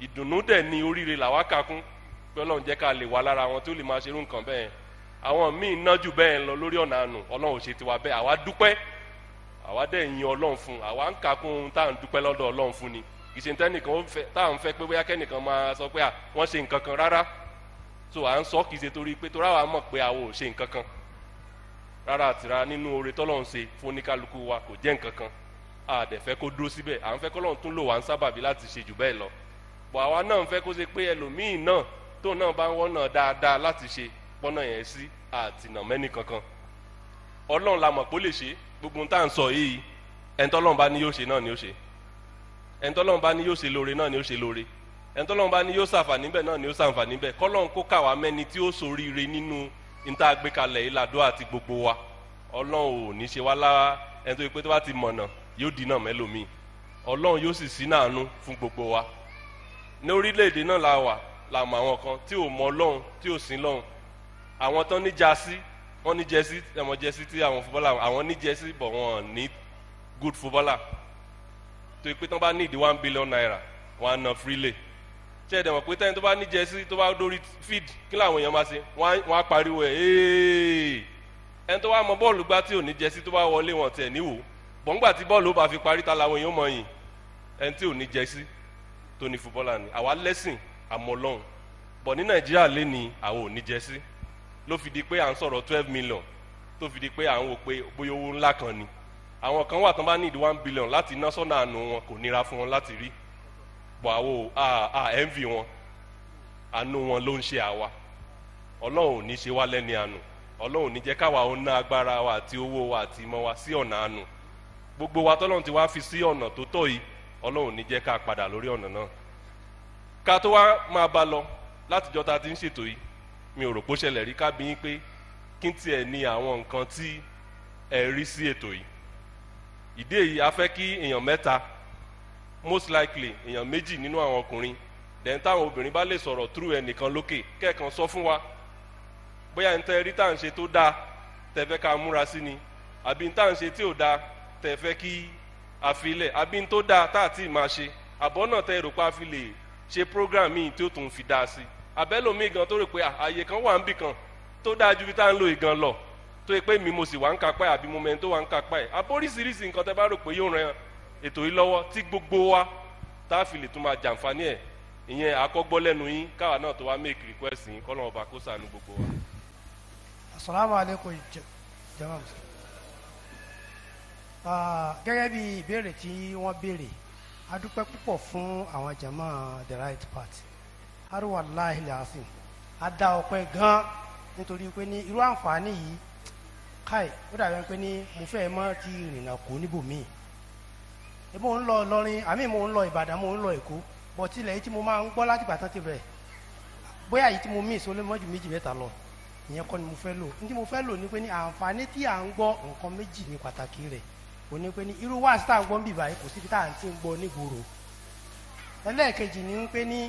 Speaker 4: ìdùnnú dẹ̀ ni oríire làwa kà kún pé ọlọ́run jẹ́ ká lè wà lára àwọn tó lè máa ṣerú nǹkan bẹ́ẹ̀ àwọn míì ná jù bẹ́ẹ̀ lọ lórí ọ̀nà àánú ọlọ́run ò ṣe tiwa bẹ́ẹ̀ àwa dúpẹ́ àwa dẹ̀ yin ọlọ́run fún àwa ń kà kún ohun tá à ń dúpẹ́ lọ́dọ̀ ọlọ́run fún ni ìṣèǹtẹ́ nìkan tá à ń fẹ́ pé bóyá kẹ́nìkan máa sọ pé à wọ́n ṣe nǹkan kan rárá so à ń sọ kìí ṣe torí pé torá wa mọ̀ pé àwa ò ṣe nǹkan kan rárá àtìrá nínú oore tọ́lọ́run ṣe fún oníkálukú wa kò jẹ́ nǹkan kan a kó dúró síbẹ̀ à ń fẹ́ kọ́lọ́run tún lò wá ń sábàbí láti ṣe jù bẹ́ẹ̀ lọ bọ̀ àwa náà ń fẹ́ kó ṣe pé ẹlòmíì náà tó náà bá ń wọ́nà dáadáa láti ṣe pọ́nà yẹn sí àtìnà mẹ́ni kankan ọlọ́run la mọ̀ pé ó lè ṣe gbogbo tá à ń sọ yìí ẹ̀ńtọ́lọ́run bá ní yóò ṣe náà ni yóò ṣe ẹ̀ńtọ́lọ́run bá ní yóò ṣe lóore náà ni yóò ṣe lóore ẹ̀ńtọ́lọ́run bá ní yóò ṣàǹfààní bẹ́ẹ̀ náà ni yóò ṣàǹfààní bẹ́ẹ̀ kọ́lọ́run kó kà wá mẹ́ni tí ó soríire nínú níta gbékalẹ̀ ìlàdó àti gbogbo wa ọlọ́run ò ní ṣe wá lára ẹ̀ńtọ́ ìpé tó bá ti mọ̀nà yóò dínà mẹ́lòmíì ọlọ́run yóò sì sí náà nú fún gbogbo wa ní orílẹ̀-èdè náà la wà la mọ àwọn kan tí ò mọ Ọlọ́run tí ò sin Ọlọ́run àwọn tán ní jásí wọ́n ní jẹ́sí ẹ̀mọ jẹ́sí tí àwọn fúbọ́là àwọn ní jẹ́sí bọ̀ wọ́n ní good fúbọ́là tó pé tán bá ní ìdí one billion naira wọ́n á ná freely ṣé ẹ̀dẹ̀ mọ̀ pé tẹ́ni tó bá ní jẹ́sí tó bá dórí feed kí làwọn èèyàn máa ṣe wọ́n á pariwo ẹ̀ ẹ́ẹ́ ẹni tó wá mọ bọ́ọ̀lù gbá tí ò ní jẹ́sí tó bá wọlé wọn tẹ̀ níwò bọ̀ǹgbà tí bọ́ọ̀lù bá fi parí ta làwọn èèyàn mọ̀ yìí ẹni tí ò ní jẹ́sí tó ní footballer ni àwa lẹ́sìn àmọ́ ọlọ́run bọ̀ ní nàìjíríà lé ní àwọn ò ní jẹ ló fi di pé à ń sọ̀rọ̀ twelve million tó fi di pé à ń wò pé bóyá owó ńlá kan ni àwọn kan wà tán bá need one billion láti ná sọ́nà àánú wọn kò nira fún wọn láti rí bọ̀ àwo à envy wọn àánú wọn ló ń ṣe àwa ọlọ́run ò ní ṣe wá lẹ́ni àánú ọlọ́run ò ní jẹ́ káwa ó ná agbára wa àti owó wa àti ìmọ̀ wa sí ọ̀nà àánú gbogbo wa tọ́lọ́run ti wá fi sí ọ̀nà tó tọ́ yìí ọlọ́run ní jẹ́ ká padà lórí ọ̀nà náà ká tó wá máa bá lọ látijọ́ ta ti ń ṣètò yìí mi ò rò pó ṣẹlẹ̀ rí ká bí yín pé kí n tiẹ̀ ní àwọn nǹkan tí ẹ rí sí ètò yìí ìdí èyí a fẹ́ kí èèyàn mẹ́ta most likely èèyàn méjì nínú àwọn ọkùnrin dẹ̀n táwọn obìnrin bá lè sọ̀rọ̀ through ẹnìkan lókè kẹ́ẹ̀kan sọ fún wa bóyá n tẹ́ rí tá à ń ṣe tó dáa tẹ́ fẹ́ ká múra sí ni àbí n tá ń ṣe tí ò dáa tẹ́ fẹ́ kí àfilẹ̀ àbí tó dáa tá àti máa ṣe àbọ̀ náà tẹ èrò pa àfi lè ṣe program míì tí ó tún fi dáa sí abẹ́lòmíì gan tó rò pé àyè kan wà ń bì kan tó dáa ju bí tá à ń lo ìgan lọ tó yẹ pé mi mo sì wà ń kápá ẹ̀ àbí mo mẹ́ni tó wà ń kápá ẹ̀ àbóríṣiríṣi nǹkan tẹ bá rò pé yóò ran ètò yìí lọ́wọ́ tí gbogbo wa tá a fi lè tún máa jàǹfààní ẹ̀ ìyẹn àkọ́gbọ́ yín káwa náà tó wá make request yín kọ́lọ́mọba kó ṣàánú gbogbo wa.
Speaker 5: asalaamualeykum jama musulmi gẹ́gẹ́ bí ìbéèrè tí wọ́n béèrè a dúpẹ́ púpọ̀ fún àwọn jàmọ́ the right part arúwàláhì làásìn a dá ọpẹ́ gan nítorí pé ní irú àǹfààní yìí káì ó dàbí pé ní mo fẹ́ mọ́ ti rìnnà kó níbòmíì mo ń lọ lọrin àmì mo ń lọ Ìbàdàn mo ń lọ Èkó bọ̀tí ilẹ̀ yìí tí mo máa ń gbọ́ láti ìbàdàn ti bẹ̀rẹ̀ bóyá yìí tí mo mí ìsọlẹ̀ mọ́jú méjì mẹ́ta lọ ìyẹn kọ́ ni mo fẹ́ lò ní tí mo fẹ́ lò ní pé ní àǹfààní tí à ń gbọ́ nǹkan méjì ní pàtàkì rẹ̀ òní pé ní irú wáàsí tá à ń gbọ́ ń bì báyìí kò síbi tá ń ti ń gbọ́ nígboro ẹlẹ́ẹ̀kejì ni pé ní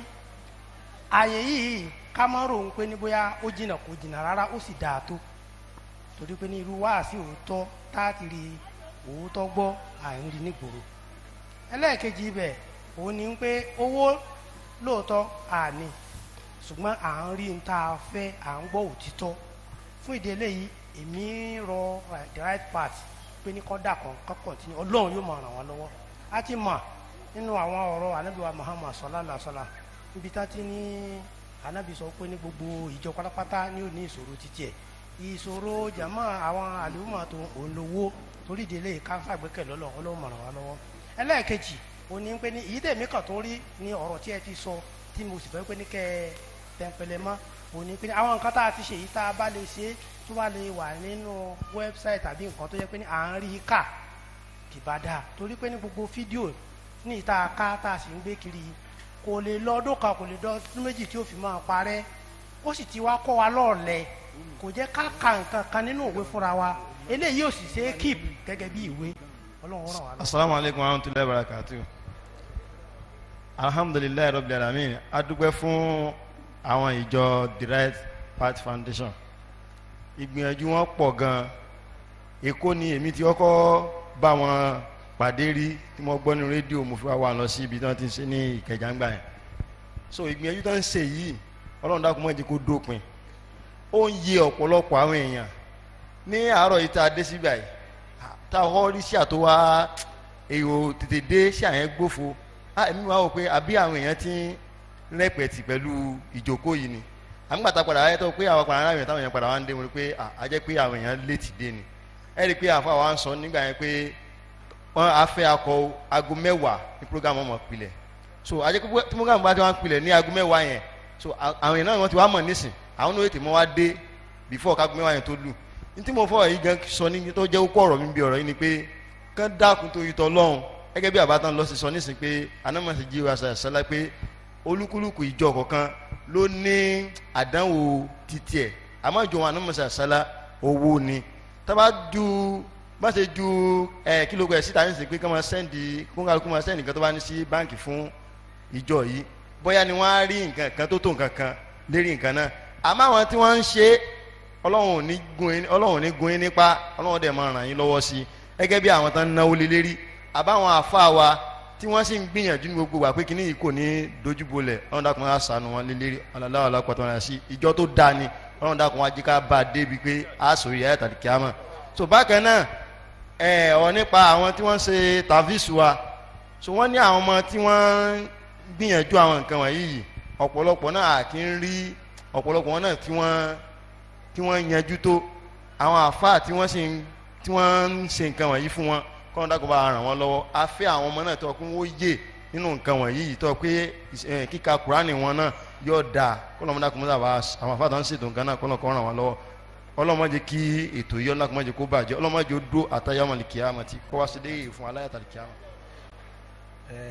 Speaker 5: ààyè yìí ká má rò ń pé ní bóyá ó jìnnà kò jìnnà rárá ó sì dáa tó torí pé ní irú wáàsí òótọ́ tá a ti rí òótọ́ gbọ́ à ń rí nígboro ẹlẹ́ẹ̀kejì ibẹ̀ òun ni pé owó lóòótọ́ àní ṣùgbọ́n à ń rí n fẹ́ à ń gbọ́ òtítọ́ fún ìdí eléyìí èmi rọ eh, the right path pé ní kọ́dà kan kọ́kọ́ tí ọlọ́run yóò máa ràn wá lọ́wọ́ a ti mọ̀ nínú àwọn ọ̀rọ̀ anábìwá Muhammad sallallahu alaihi wasallam níbi tá ti ní anábì sọ pé ní gbogbo ìjọ pátápátá ni o ni ìṣòro títí ẹ̀ ìṣòro jàmọ́ àwọn àlùmọ̀ tó ń lówó torí ìdílé káfà gbẹ́kẹ̀ lọ́lọ́ ọlọ́run máa ràn wá lọ́wọ́ ẹlẹ́ẹ̀kejì pé ní ìyí tó rí ní ọ̀rọ̀ tí ẹ ti sọ tí mo sì fẹ́ pé ní kẹ́ ẹ a ti ṣe yìí tó bá lè wà nínú wẹ́bsáìtì àbí nǹkan tó yẹ pé ní à ń rí kà kìbá dáa torí pé ní gbogbo fídíò ní ìta ká tá a sì ń gbé kiri kò lè lọ ọdún kan kò lè lọ ọdún méjì tí ó fi máa parẹ́ ó sì ti wá kọ́ wa lọ́ọ̀lẹ̀ kò jẹ́ ká ka nǹkan kan nínú òwe fúnra wa eléyìí ò sì ṣe é kíp gẹ́gẹ́ bí ìwé ọlọ́run ràn wá
Speaker 6: lọ. asalaamualeykum wa rahmatulahi wa barakatuh alhamdulilayi rabbil alamin adúpẹ́ fún àwọn ìjọ the right path foundation ìgbìyànjú wọn pọ̀ gan èkó ni èmi ti kọ́kọ́ bá wọn pàdé rí tí mo gbọ́ ní rédíò mo fi wá wà lọ sí ibi tí wọ́n ti ṣe ní Ìkẹjà yẹn so ìgbìyànjú tó ń ṣe yìí Ọlọ́run dákun mọ́ ẹ̀ ti kó dópin ó ń yé ọ̀pọ̀lọpọ̀ àwọn èèyàn ní àárọ̀ yìí tá a dé síbà yìí tá a họ́ rí sí àtọ́wá èrò tètè dé sí àyẹn gbófo èmi wá wò pé àbí àwọn èèyàn ti ń pẹ̀lú ìjókòó yìí ni àmúgbàtà padà ayé tó pé àwọn padà aráàlú táwọn èèyàn padà wá ń dé wọn pé àjẹ́ pé àwọn èèyàn létí dé ni ẹ rí i pé àfa wa ń sọ nígbà yẹn pé wọ́n á akọ aago mẹ́wàá ní program ọmọ pilẹ̀ so àjẹ́ pé tí program bá ti wá ń ní aago mẹ́wàá yẹn so àwọn èèyàn náà wọ́n ti wá mọ̀ nísìn àwọn náà ètè mọ́ wá dé before kágo mẹ́wàá yẹn tó lù ní tí mo fọ yìí gan sọ ní tó jẹ́ kó ọ̀rọ̀ mi bí ọ̀rọ̀ yìí ni pé kán dákun tó yìí tọ́ lọ́hùn gẹ́gẹ́ bí àbátan lọ sí sọ nísìn pé anamọ̀sí ló ní àdánwò títí ẹ̀ àmọ́ ìjọ wọn ànúmọ̀sá sálá owó ni tábà ju bá ju ẹ̀ kílò ẹ̀ síta ní sìn pé kí wọ́n sẹ́ndì kó kálukú máa sẹ́ndì nǹkan tó bá ní sí báǹkì fún ìjọ yìí bóyá ni wọ́n á rí nǹkan kan tó tó nǹkan kan lérí nǹkan náà àmọ́ àwọn tí wọ́n ń ṣe ọlọ́run ò ní gun yín nípa ọlọ́run dẹ̀ máa ràn yín lọ́wọ́ sí gẹ́gẹ́ bí àwọn tán náwó lé lérí àbáwọn àfa wa tí wọ́n sì ń gbìyànjú ní gbogbo wa pé kíní yìí kò ní dojúbolẹ̀ ọlọ́run dákun á sànù wọn lélẹ́rí aláwọ̀ alákọ̀tàn rẹ̀ sí ìjọ tó dáa ni ọlọ́run dákun ajé ká bá a débi pé a sọ ìyá ẹ̀ tàbí kíá mọ̀ so bákan náà ẹ ọ̀ nípa àwọn tí wọ́n ṣe tàfíìsù wa so wọ́n ní àwọn ọmọ tí wọ́n gbìyànjú àwọn nǹkan wọ̀nyí yìí ọ̀pọ̀lọpọ̀ náà kì í rí ọ̀pọ̀lọpọ̀ náà tí wọ́n kọ́nà dàgbọ́ bá ràn wọ́n lọ́wọ́ a fẹ́ àwọn ọmọ náà tó kún ó yé nínú nǹkan wọ̀nyí yìí tó pé kíka kúránì wọn náà yóò da kọ́nà ọmọdé kọ́nà bá àwọn afáàtà ń ṣètò nǹkan náà kọ́nà kọ́ ràn wọ́n lọ́wọ́ ọlọ́mọdé kí ètò yìí ọlọ́mọdé kó bàjẹ́ ọlọ́mọdé ó dó àtàyàmọ̀lì kìámà tí
Speaker 7: kọ́ wá sí dé fún aláyàtàlì kìámà. ẹ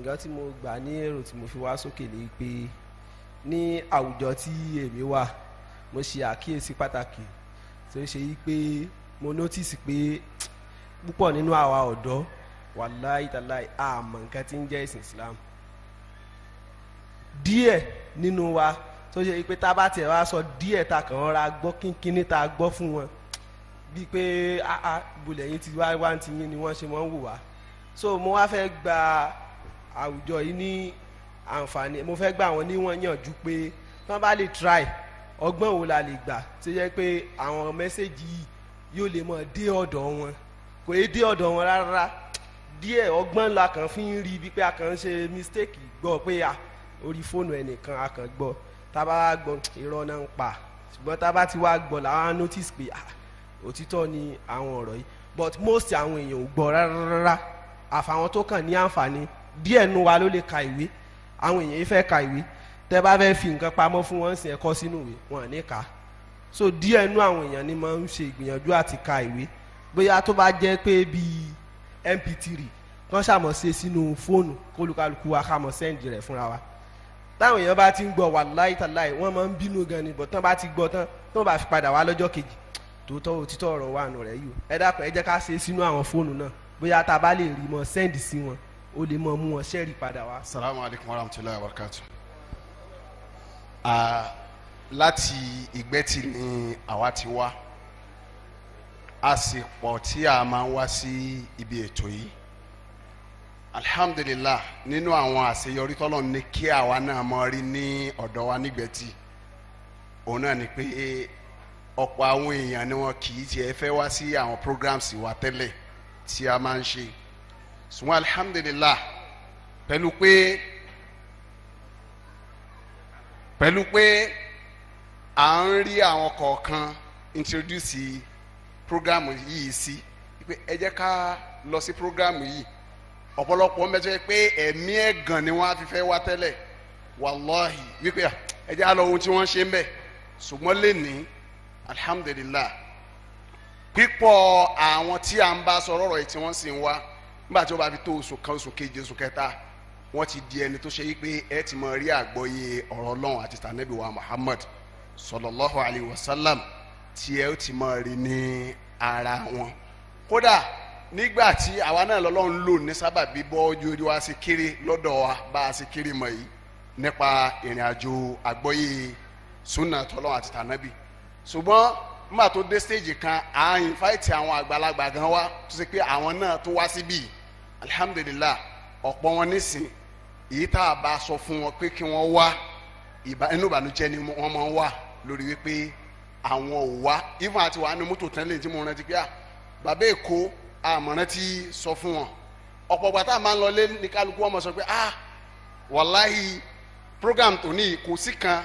Speaker 7: ǹkan tí mo gbà ní èrò tí mo fi wá sókè ni pé ní àwùjọ tí èmi wà mo ṣe àkíyèsí pàtàkì tó ṣe yí pé mo notice pé púpọ̀ nínú àwa ọ̀dọ́ wàláì tàláì àmọ́ nǹkan tí ń jẹ́ ìsìn Islam díẹ̀ nínú wa tó ṣe pé tá a bá tiẹ̀ wá sọ díẹ̀ ta kàn ra gbọ́ kínkínní ta gbọ́ fún wọn bíi pé áá bulẹ̀ yín ti wá wá ti yín ni wọ́n ṣe mọ́ ń wá so mo wá fẹ́ gba àwùjọ yìí ní àǹfààní mo fẹ́ gba àwọn níwọ̀nyànjú pé tí wọ́n bá lè try ọgbọ́n wo la lè gbà tó yẹ pé àwọn mẹ́sẹ̀gì yìí yóò lè mọ̀ dé ọ̀dọ̀ wọn kò é dé ọ̀dọ̀ wọn rárá díẹ̀ ọgbọ́n la kàn fi ń rí ibi pé a kàn ń ṣe mistake gbọ́ pé a orí fóònù ẹnìkan a kàn gbọ́ tá a gbọ́ irọ́ náà ń pa ṣùgbọ́n tá ti wá gbọ́ làwọn á notice pé òtítọ́ ni àwọn ọ̀rọ̀ yìí but most àwọn èèyàn ò gbọ́ rárá àfàwọn tó kàn ní àǹfààní díẹ̀ nu wa ló lè ka ìwé àwọn èèyàn yìí fẹ́ ka ìwé tẹ́ bá fẹ́ fi nǹkan pamọ́ fún wọn sìn ẹ̀kọ́ sínú ìwé wọn ní ka so díẹ̀ nu àwọn èèyàn ni máa ń ṣe ìgbìyànjú àti ka ìwé bóyá tó bá jẹ́ pé bíi mp3 kán ṣàmọ̀ ṣe sínú fóònù kólúkálukú wa ká mọ̀ sẹ́ǹdì rẹ̀ fúnra wa táwọn èèyàn bá ti ń gbọ́ wà láìtàláì wọ́n máa ń bínú gan ni bọ̀tán bá ti gbọ́ tán tó bá fi padà wá lọ́jọ́ kejì tòótọ́ òtítọ́ ọ̀rọ̀ wà nù rẹ̀ yìí ẹ dákun ẹ jẹ́ ká ṣe sínú àwọn fóònù náà bóyá tá a bá lè rí mọ sẹ́ǹdì sí wọn ó lè mọ mú wọn ṣẹ́ẹ̀rì padà wá. salamu alaykum wa rahmatulahi wa barakatu.
Speaker 8: Ah, láti ìgbẹ́ ti ní àwa ti wá a sì pọ̀ tí a máa ń wá sí ibi ètò yìí alhamdulillah nínú àwọn àṣeyọrí tọ́lọ̀ ní kí àwa náà mọ rí ní ọ̀dọ̀ wa nígbẹ̀tì òun náà ni pé ọ̀pọ̀ àwọn èèyàn ni wọn kì í tiẹ̀ fẹ́ wá sí àwọn programs wa tẹ́lẹ̀ tí a máa ń ṣe ṣùgbọ́n alhamdulillah pẹ̀lú pé pẹ̀lú pé à ń rí àwọn kọ̀ọ̀kan introduce programu yìí sí pé ẹ jẹ́ ká lọ sí programu yìí ọ̀pọ̀lọpọ̀ ń bẹ tó yẹ pé ẹ̀mí ẹ̀gàn ni wọ́n á fi fẹ́ wá tẹ́lẹ̀ wàláhì wípé ẹ jẹ́ á ohun tí wọ́n ṣe ń bẹ̀ ṣùgbọ́n lẹ́ni alhamdulillah pípọ̀ àwọn tí a ń bá sọ ọ̀rọ̀ yìí tí wọ́n sì ń wá nígbà tí wọ́n bá fi tó oṣù kan oṣù kejì oṣù kẹta wọ́n ti di ẹni tó ṣe yí pé ẹ ti mọ rí àgbọ́yé ọ̀rọ̀ ọlọ́run àti tànẹ́bí wa muhammad sallallahu alayhi wa sallam tí ẹ ó ti máa rí ní ara wọn kódà nígbà tí àwa náà lọ́lọ́run lò ní sábà bíbọ́ ojú wa sí kiri lọ́dọ̀ wa bá a sí kiri mọ̀ yìí nípa ìrìn àjò àgbọ́yé sunna tọ́lọ́ àti tànábì ṣùgbọ́n nígbà tó dé stage kan à ń invite àwọn àgbàlagbà gan wa tó ṣe pé àwọn náà tó wá síbí alhamdulillah ọ̀pọ̀ wọn nísìn èyí tá a bá sọ fún wọn pé kí wọ́n wá inú ìbànújẹ́ ni wọ́n máa ń wà lórí wípé àwọn ò wá even àti wàá nu mọ́tò tẹ́lẹ̀ tí mo rántí pé à bàbá èkó àmọ̀ràn ti sọ fún wọn ọ̀pọ̀ gbàtà máa ń lọlé ní kálukú wọn mọ̀ sọ pé à wàláhì program tó ní kò sí kan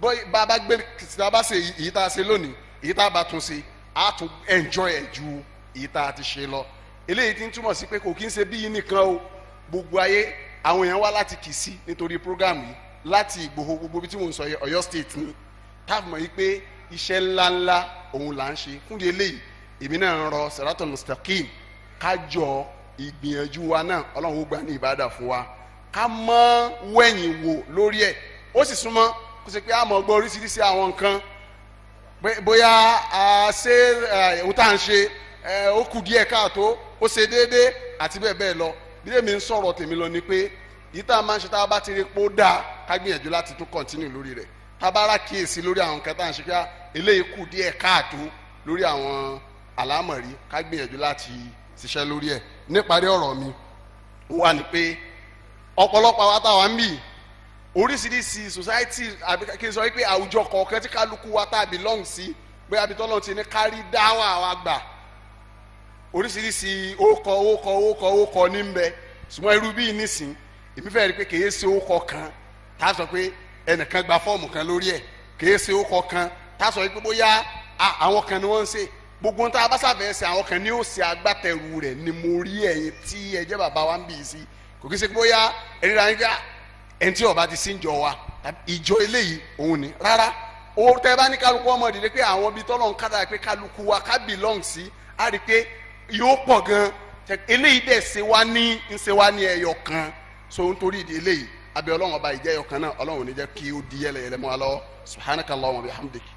Speaker 8: bá a bá gbé tá a bá ṣe èyí tá a ṣe lónìí èyí tá a bá tún ṣe á tún enjoy ẹ̀ ju èyí tá a ti ṣe lọ eléyìí ti ń túmọ̀ sí pé kò kí ń ṣe bíi nìkan o gbogbo ayé àwọn èèyàn wá láti Kìsì nítorí program yìí láti Ìgbòho gbogbo bí tí mò ń sọ yẹ Ọ̀yọ́ state ni táàmù yìí pé iṣẹ́ ńláńlá òun là ń ṣe fún di eléyìí èmi náà ń rọ siratul mustaqim kájọ ìgbìyànjú wa náà ọlọ́run ó gbà ní ìbádà fún wa ká mọ́ wẹ̀yìn wò lórí ẹ̀ ó sì súnmọ́ kó ṣe pé a mọ̀ gbọ́ oríṣiríṣi àwọn nǹkan bóyá a ṣe ohun tá à ń ṣe ó kù díẹ̀ káàtó ó ṣe déédéé àti bẹ́ẹ̀ bẹ́ẹ̀ lọ bí èmi ń sọ̀rọ̀ tèmi lọ ni pé yìí tá a máa ń ṣe tá a bá ti rí pé dáa ká gbìyànjú láti tún kọ́ntínú lórí rẹ̀ tabara kíyèsí lórí àwọn nǹkan tá à ń ṣe kí eléyìí kù díẹ̀ káàtó lórí àwọn àlámọ̀rí ká gbìyànjú láti ṣiṣẹ́ lórí ẹ̀ níparí ọ̀rọ̀ mi wà ní pé ọ̀pọ̀lọpọ̀ àwa táwa ń bì oríṣiríṣi society àbí kí n sọ wípé àwùjọ kọ̀ọ̀kan tí kálukú wa tá a belong sí pé abitọ́lọ́ ti ní kárí dáwà wa gbà oríṣiríṣi ókọ ókọ ókọ ókọ ní ń bẹ ṣùgbọ́n irú bíi nísìn èmi fẹ́ rí pé kèé ṣe ókọ kan tá a sọ pé ẹnìkan gba fọ́ọ̀mù kan lórí ẹ̀ kìí ṣe ó kọ kan tásọ yìí pé bóyá àwọn kan ni wọ́n ń ṣe gbogbo ohun tá a bá sàfẹ́ ṣe àwọn kan ni ó ṣe agbátẹrù rẹ̀ ni mo rí ẹ̀yin tí ẹ jẹ́ bàbá wa ń bì í sí kò kí ṣe bóyá ẹni ra ẹni ẹni tí ọba ti sí ń jọ wa ìjọ eléyìí òun ni rárá owó tẹ bá ní kálukú ọmọ ìdílé pé àwọn ibi tọ́lọ́ ń kádà pé kálukú wa ká belong sí á rí i pé yóò pọ̀ gan eléyìí dẹ̀ ṣe wá ní ń ṣe wá ní ẹyọ kan so nítorí ìdí eléyìí abẹ́ ọlọ́run ọba ìjẹ́ ọ̀kan náà ọlọ́run ò ní jẹ́ kí ó di yẹlẹyẹlẹ mọ́ alọ́ subhanaka allahumma wa bihamdiki.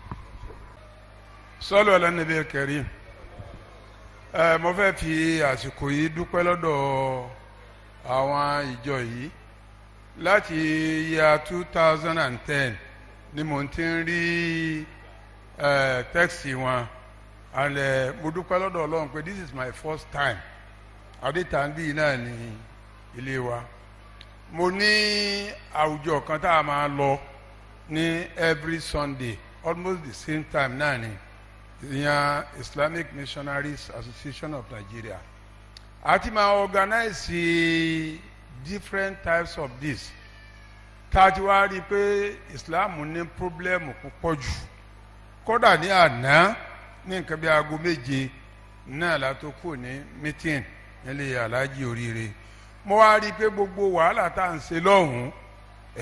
Speaker 9: sọ́lọ́ ọ̀la níbi kẹrí ẹ mo fẹ́ fi àsìkò yìí dúpẹ́ lọ́dọ̀ àwọn ìjọ yìí láti ya two thousand and ten ni mo ti ń rí tẹ́ksì wọn and mo dúpẹ́ lọ́dọ̀ ọlọ́run pé this is my first time àdìtàǹbì náà ní ilé wa mo ní àwùjọ kan tá a máa lọ ní every Sunday almost the same time náà ni ìyẹn Islamic Missionaries Association of Nigeria a máa organize different types of this tá a ti wá rí i pé Islam ní pọ́blẹ́mù púpọ̀ jù kódà ní àná ní nǹkan bí aago méje náà la kù ní meeting nílé aláàjì oríire mo wá rí i pé gbogbo wàhálà tá à ń ṣe lọ́hùn-ún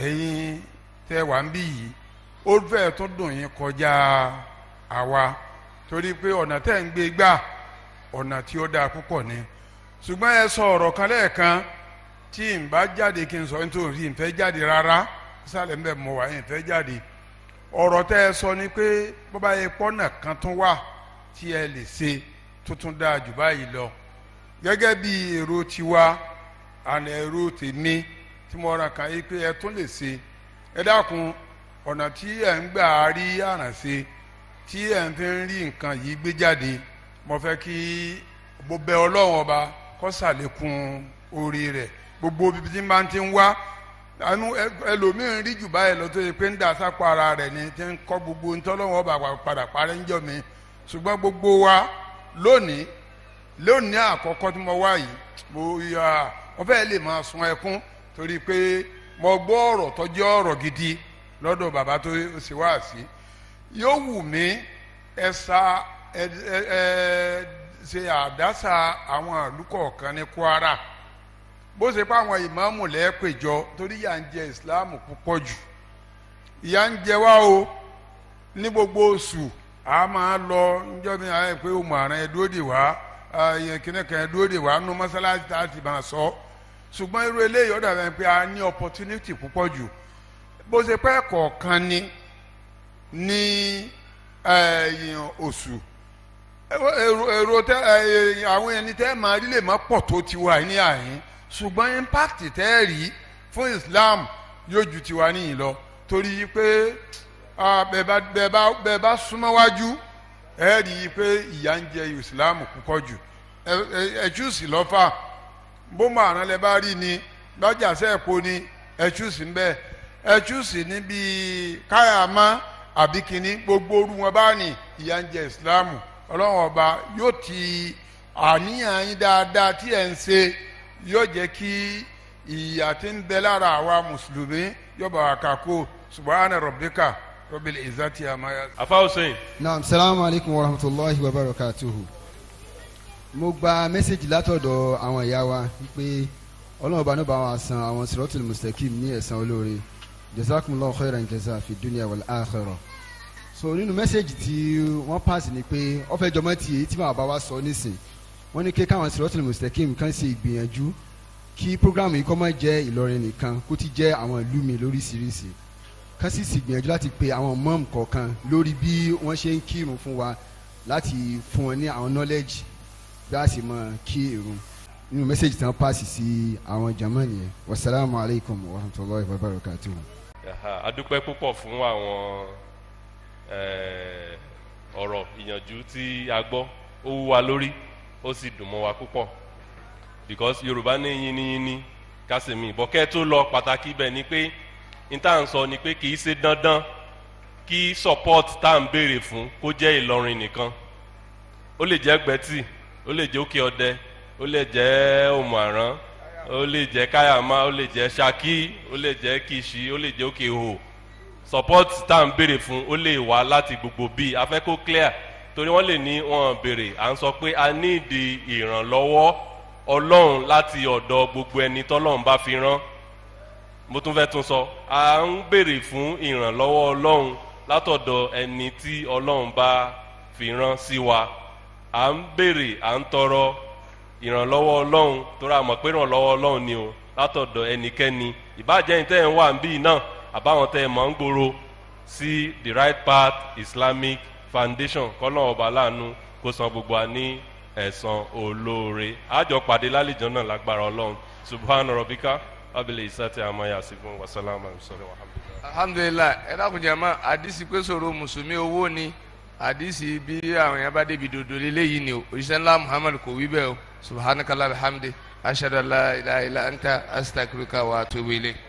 Speaker 9: ẹ̀yin tẹ́ wà ń bí yìí ó fẹ́ tó dùn yín kọjá àwa torí pé ọ̀nà tẹ́ ń gbé gbà ọ̀nà tí ó dáa púpọ̀ ni ṣùgbọ́n ẹ sọ ọ̀rọ̀ kan lẹ́ẹ̀kan tí n bá jáde kí n sọ nítorí n fẹ́ jáde rárá sálẹ̀ ń bẹ̀ mọ̀ wá n fẹ́ jáde ọ̀rọ̀ tẹ́ ẹ sọ ni pé bọ́bá yẹ pọ́nà kan tún wà tí ẹ lè ṣe tuntun dáa jù báyìí lọ gẹ́gẹ́ bí èrò tiwa àna ẹrú tèmi tí mo ra kàn yí pé ẹ tún lè ṣe ẹ dákun ọ̀nà tí ẹ̀ ń gbà rí àrànṣe tí ẹ̀ ń fi rí nǹkan yìí mo fẹ́ kí bẹ ọlọ́run ọba orí rẹ̀ gbogbo bíbí tí n bá ti ń wá àánú rí jù báyìí lọ tó yẹ pé ń ni tí ń gbogbo ń tọ́lọ́run ọba padà mi ṣùgbọ́n gbogbo wa lónìí lónìí àkọ́kọ́ tí mo wọ́n fẹ́ẹ́ lè máa sun ẹkún torí pé mo gbọ́ ọ̀rọ̀ tó ọ̀rọ̀ gidi lọ́dọ̀ bàbá tó ṣe wá sí yóò wù mí ẹ ṣe àdásà àwọn ìlú ní Kwara bó ṣe pé torí ya ń jẹ ìsìláàmù púpọ̀ jù ń jẹ wá o ní gbogbo oṣù a máa lọ níjọ́ mi ẹ̀dúró dè wá ẹ̀dúró dè wá sọ ṣùgbọ́n irú eléyìí ọ̀dà bẹ́ẹ̀ pé a ní opportunity púpọ̀ jù bó ṣe pẹ́ kọ̀ọ̀kan ni ní ẹ̀yìn oṣù èrò tẹ àwọn ẹni tẹ́ máa rí lè má pọ̀ tó ti wà ní àyín ṣùgbọ́n impact tẹ́ rí fún Islam yóò ju tiwa níyìn lọ torí pé bẹ́ẹ̀ bá súnmọ́ wájú ẹ̀ rí i pé ìyà ń jẹ Islam púpọ̀ jù ẹ̀ sí lọ́fà bó máa rán bá rí ni lọ́jà sẹ́ẹ̀po ni ẹ̀chúsì ń bẹ ẹ̀chúsì ní bíi káyàmá àbí kínní gbogbo orú wọn bá ní ìyá ń jẹ ìsìláàmù ọlọ́run ọba yóò ti àníyàn yín dáadáa tí ẹ̀ ń ṣe yóò jẹ́ kí ìyà tí ń bẹ lára àwa mùsùlùmí yóò bá subahana rabbika rabbil izzati
Speaker 4: amaya. afa hussein.
Speaker 8: naam salaamaleykum wa rahmatulahi wa barakatuhu mo gba mẹ́sẹ̀gì látọ̀dọ̀ àwọn ìyá wa pé ọlọ́run ọba náà bá wa san àwọn sirọ́tìlì mùsítẹ́kìm ní ẹ̀san olóore jazakumullahu khairan jaza fi dunya wal akhirah so nínú mẹ́sẹ̀gì tí wọ́n pass ni pé ọ̀fẹ́ jọmọ́ ti èyí tí màá bá wa sọ nísìn wọ́n ní kéka àwọn sirọ́tìlì mùsítẹ́kìm kan ṣe ìgbìyànjú kí program yìí kọ́ máa jẹ́ Ìlọrin nìkan kó ti jẹ́ àwọn ìlú mi lóríṣiríṣi kan sì sì gbìyànjú láti pe àwọn mọ́ọ̀mù kọ̀ọ̀kan lórí bí wọ́n ṣe ń kírun fún wa láti fún wọn ní àwọn knowledge
Speaker 4: bí a sì máa kí irun
Speaker 8: nínú mẹ́sẹ̀gì tán paasi sí àwọn jama nìyẹn wasalaamu alaykum wa rahmatulahi wa barakatuhu.
Speaker 4: adúpẹ́ púpọ̀ fún àwọn eh, ọ̀rọ̀ ìyànjú tí a gbọ́ ó wú wa lórí ó sì dùn mọ́ wa púpọ̀ because yorùbá ní yiniyini kásìmì bọ́kẹ́ tó lọ pàtàkì ibẹ̀ ni pé níta ń sọ ni pé kì í ṣe dandan kí support tá à ń béèrè fún kó jẹ́ ìlọrin nìkan ó lè jẹ́ gbẹ́tì ó lè jẹ́ òkè ọdẹ ó lè jẹ́ òmùàrán ó lè jẹ́ káyàmá ó lè jẹ́ ṣakí ó lè jẹ́ kìsì ó lè jẹ́ òkè hò support tá à ń béèrè fún ó lè wá láti gbogbo bíi afẹ́ kó clear torí wọ́n lè ní wọn béèrè à ń sọ pé a ní ìdí ìrànlọ́wọ́ ọlọ́run láti ọ̀dọ̀ gbogbo ẹni tọ́lọ́run bá fi rán mo tún fẹ́ tún sọ à ń béèrè fún ìrànlọ́wọ́ ọlọ́run látọ̀dọ̀ ẹni tí ọlọ́run bá fi rán sí wa à ń béèrè à ń tọrọ ìrànlọ́wọ́ ọlọ́run torí a mọ̀ pé ìrànlọ́wọ́ ọlọ́run ni o látọ̀dọ̀ ẹnikẹ́ni ìbájẹ́ ìtẹ́ ẹ̀ ń wà níbí náà àbáwọn tẹ́ ẹ mọ̀ ń gbòòrò sí the right path islamic foundation kọ́nà ọba láàánú kó san gbogbo wa ní ẹ̀san olóore àjọ pàdé lálejò náà lágbára ọlọ́run subhanahu rabbika abili isati amaya sifun wasalaamu alayhi wa sallam.
Speaker 2: alhamdulilayi ẹ dákun jẹ́ mọ́ àdìsí pé sòrò mùsùlùmí owó ni hadisi bí àwọn yẹn bá débi dodo léyìí ni o òṣìṣẹ́ ńlá muhammad kò wí bẹ́ẹ̀ o subhanakala alhamdi ashadu ala ilaha anta astaghfiruka wa atubu ilayk.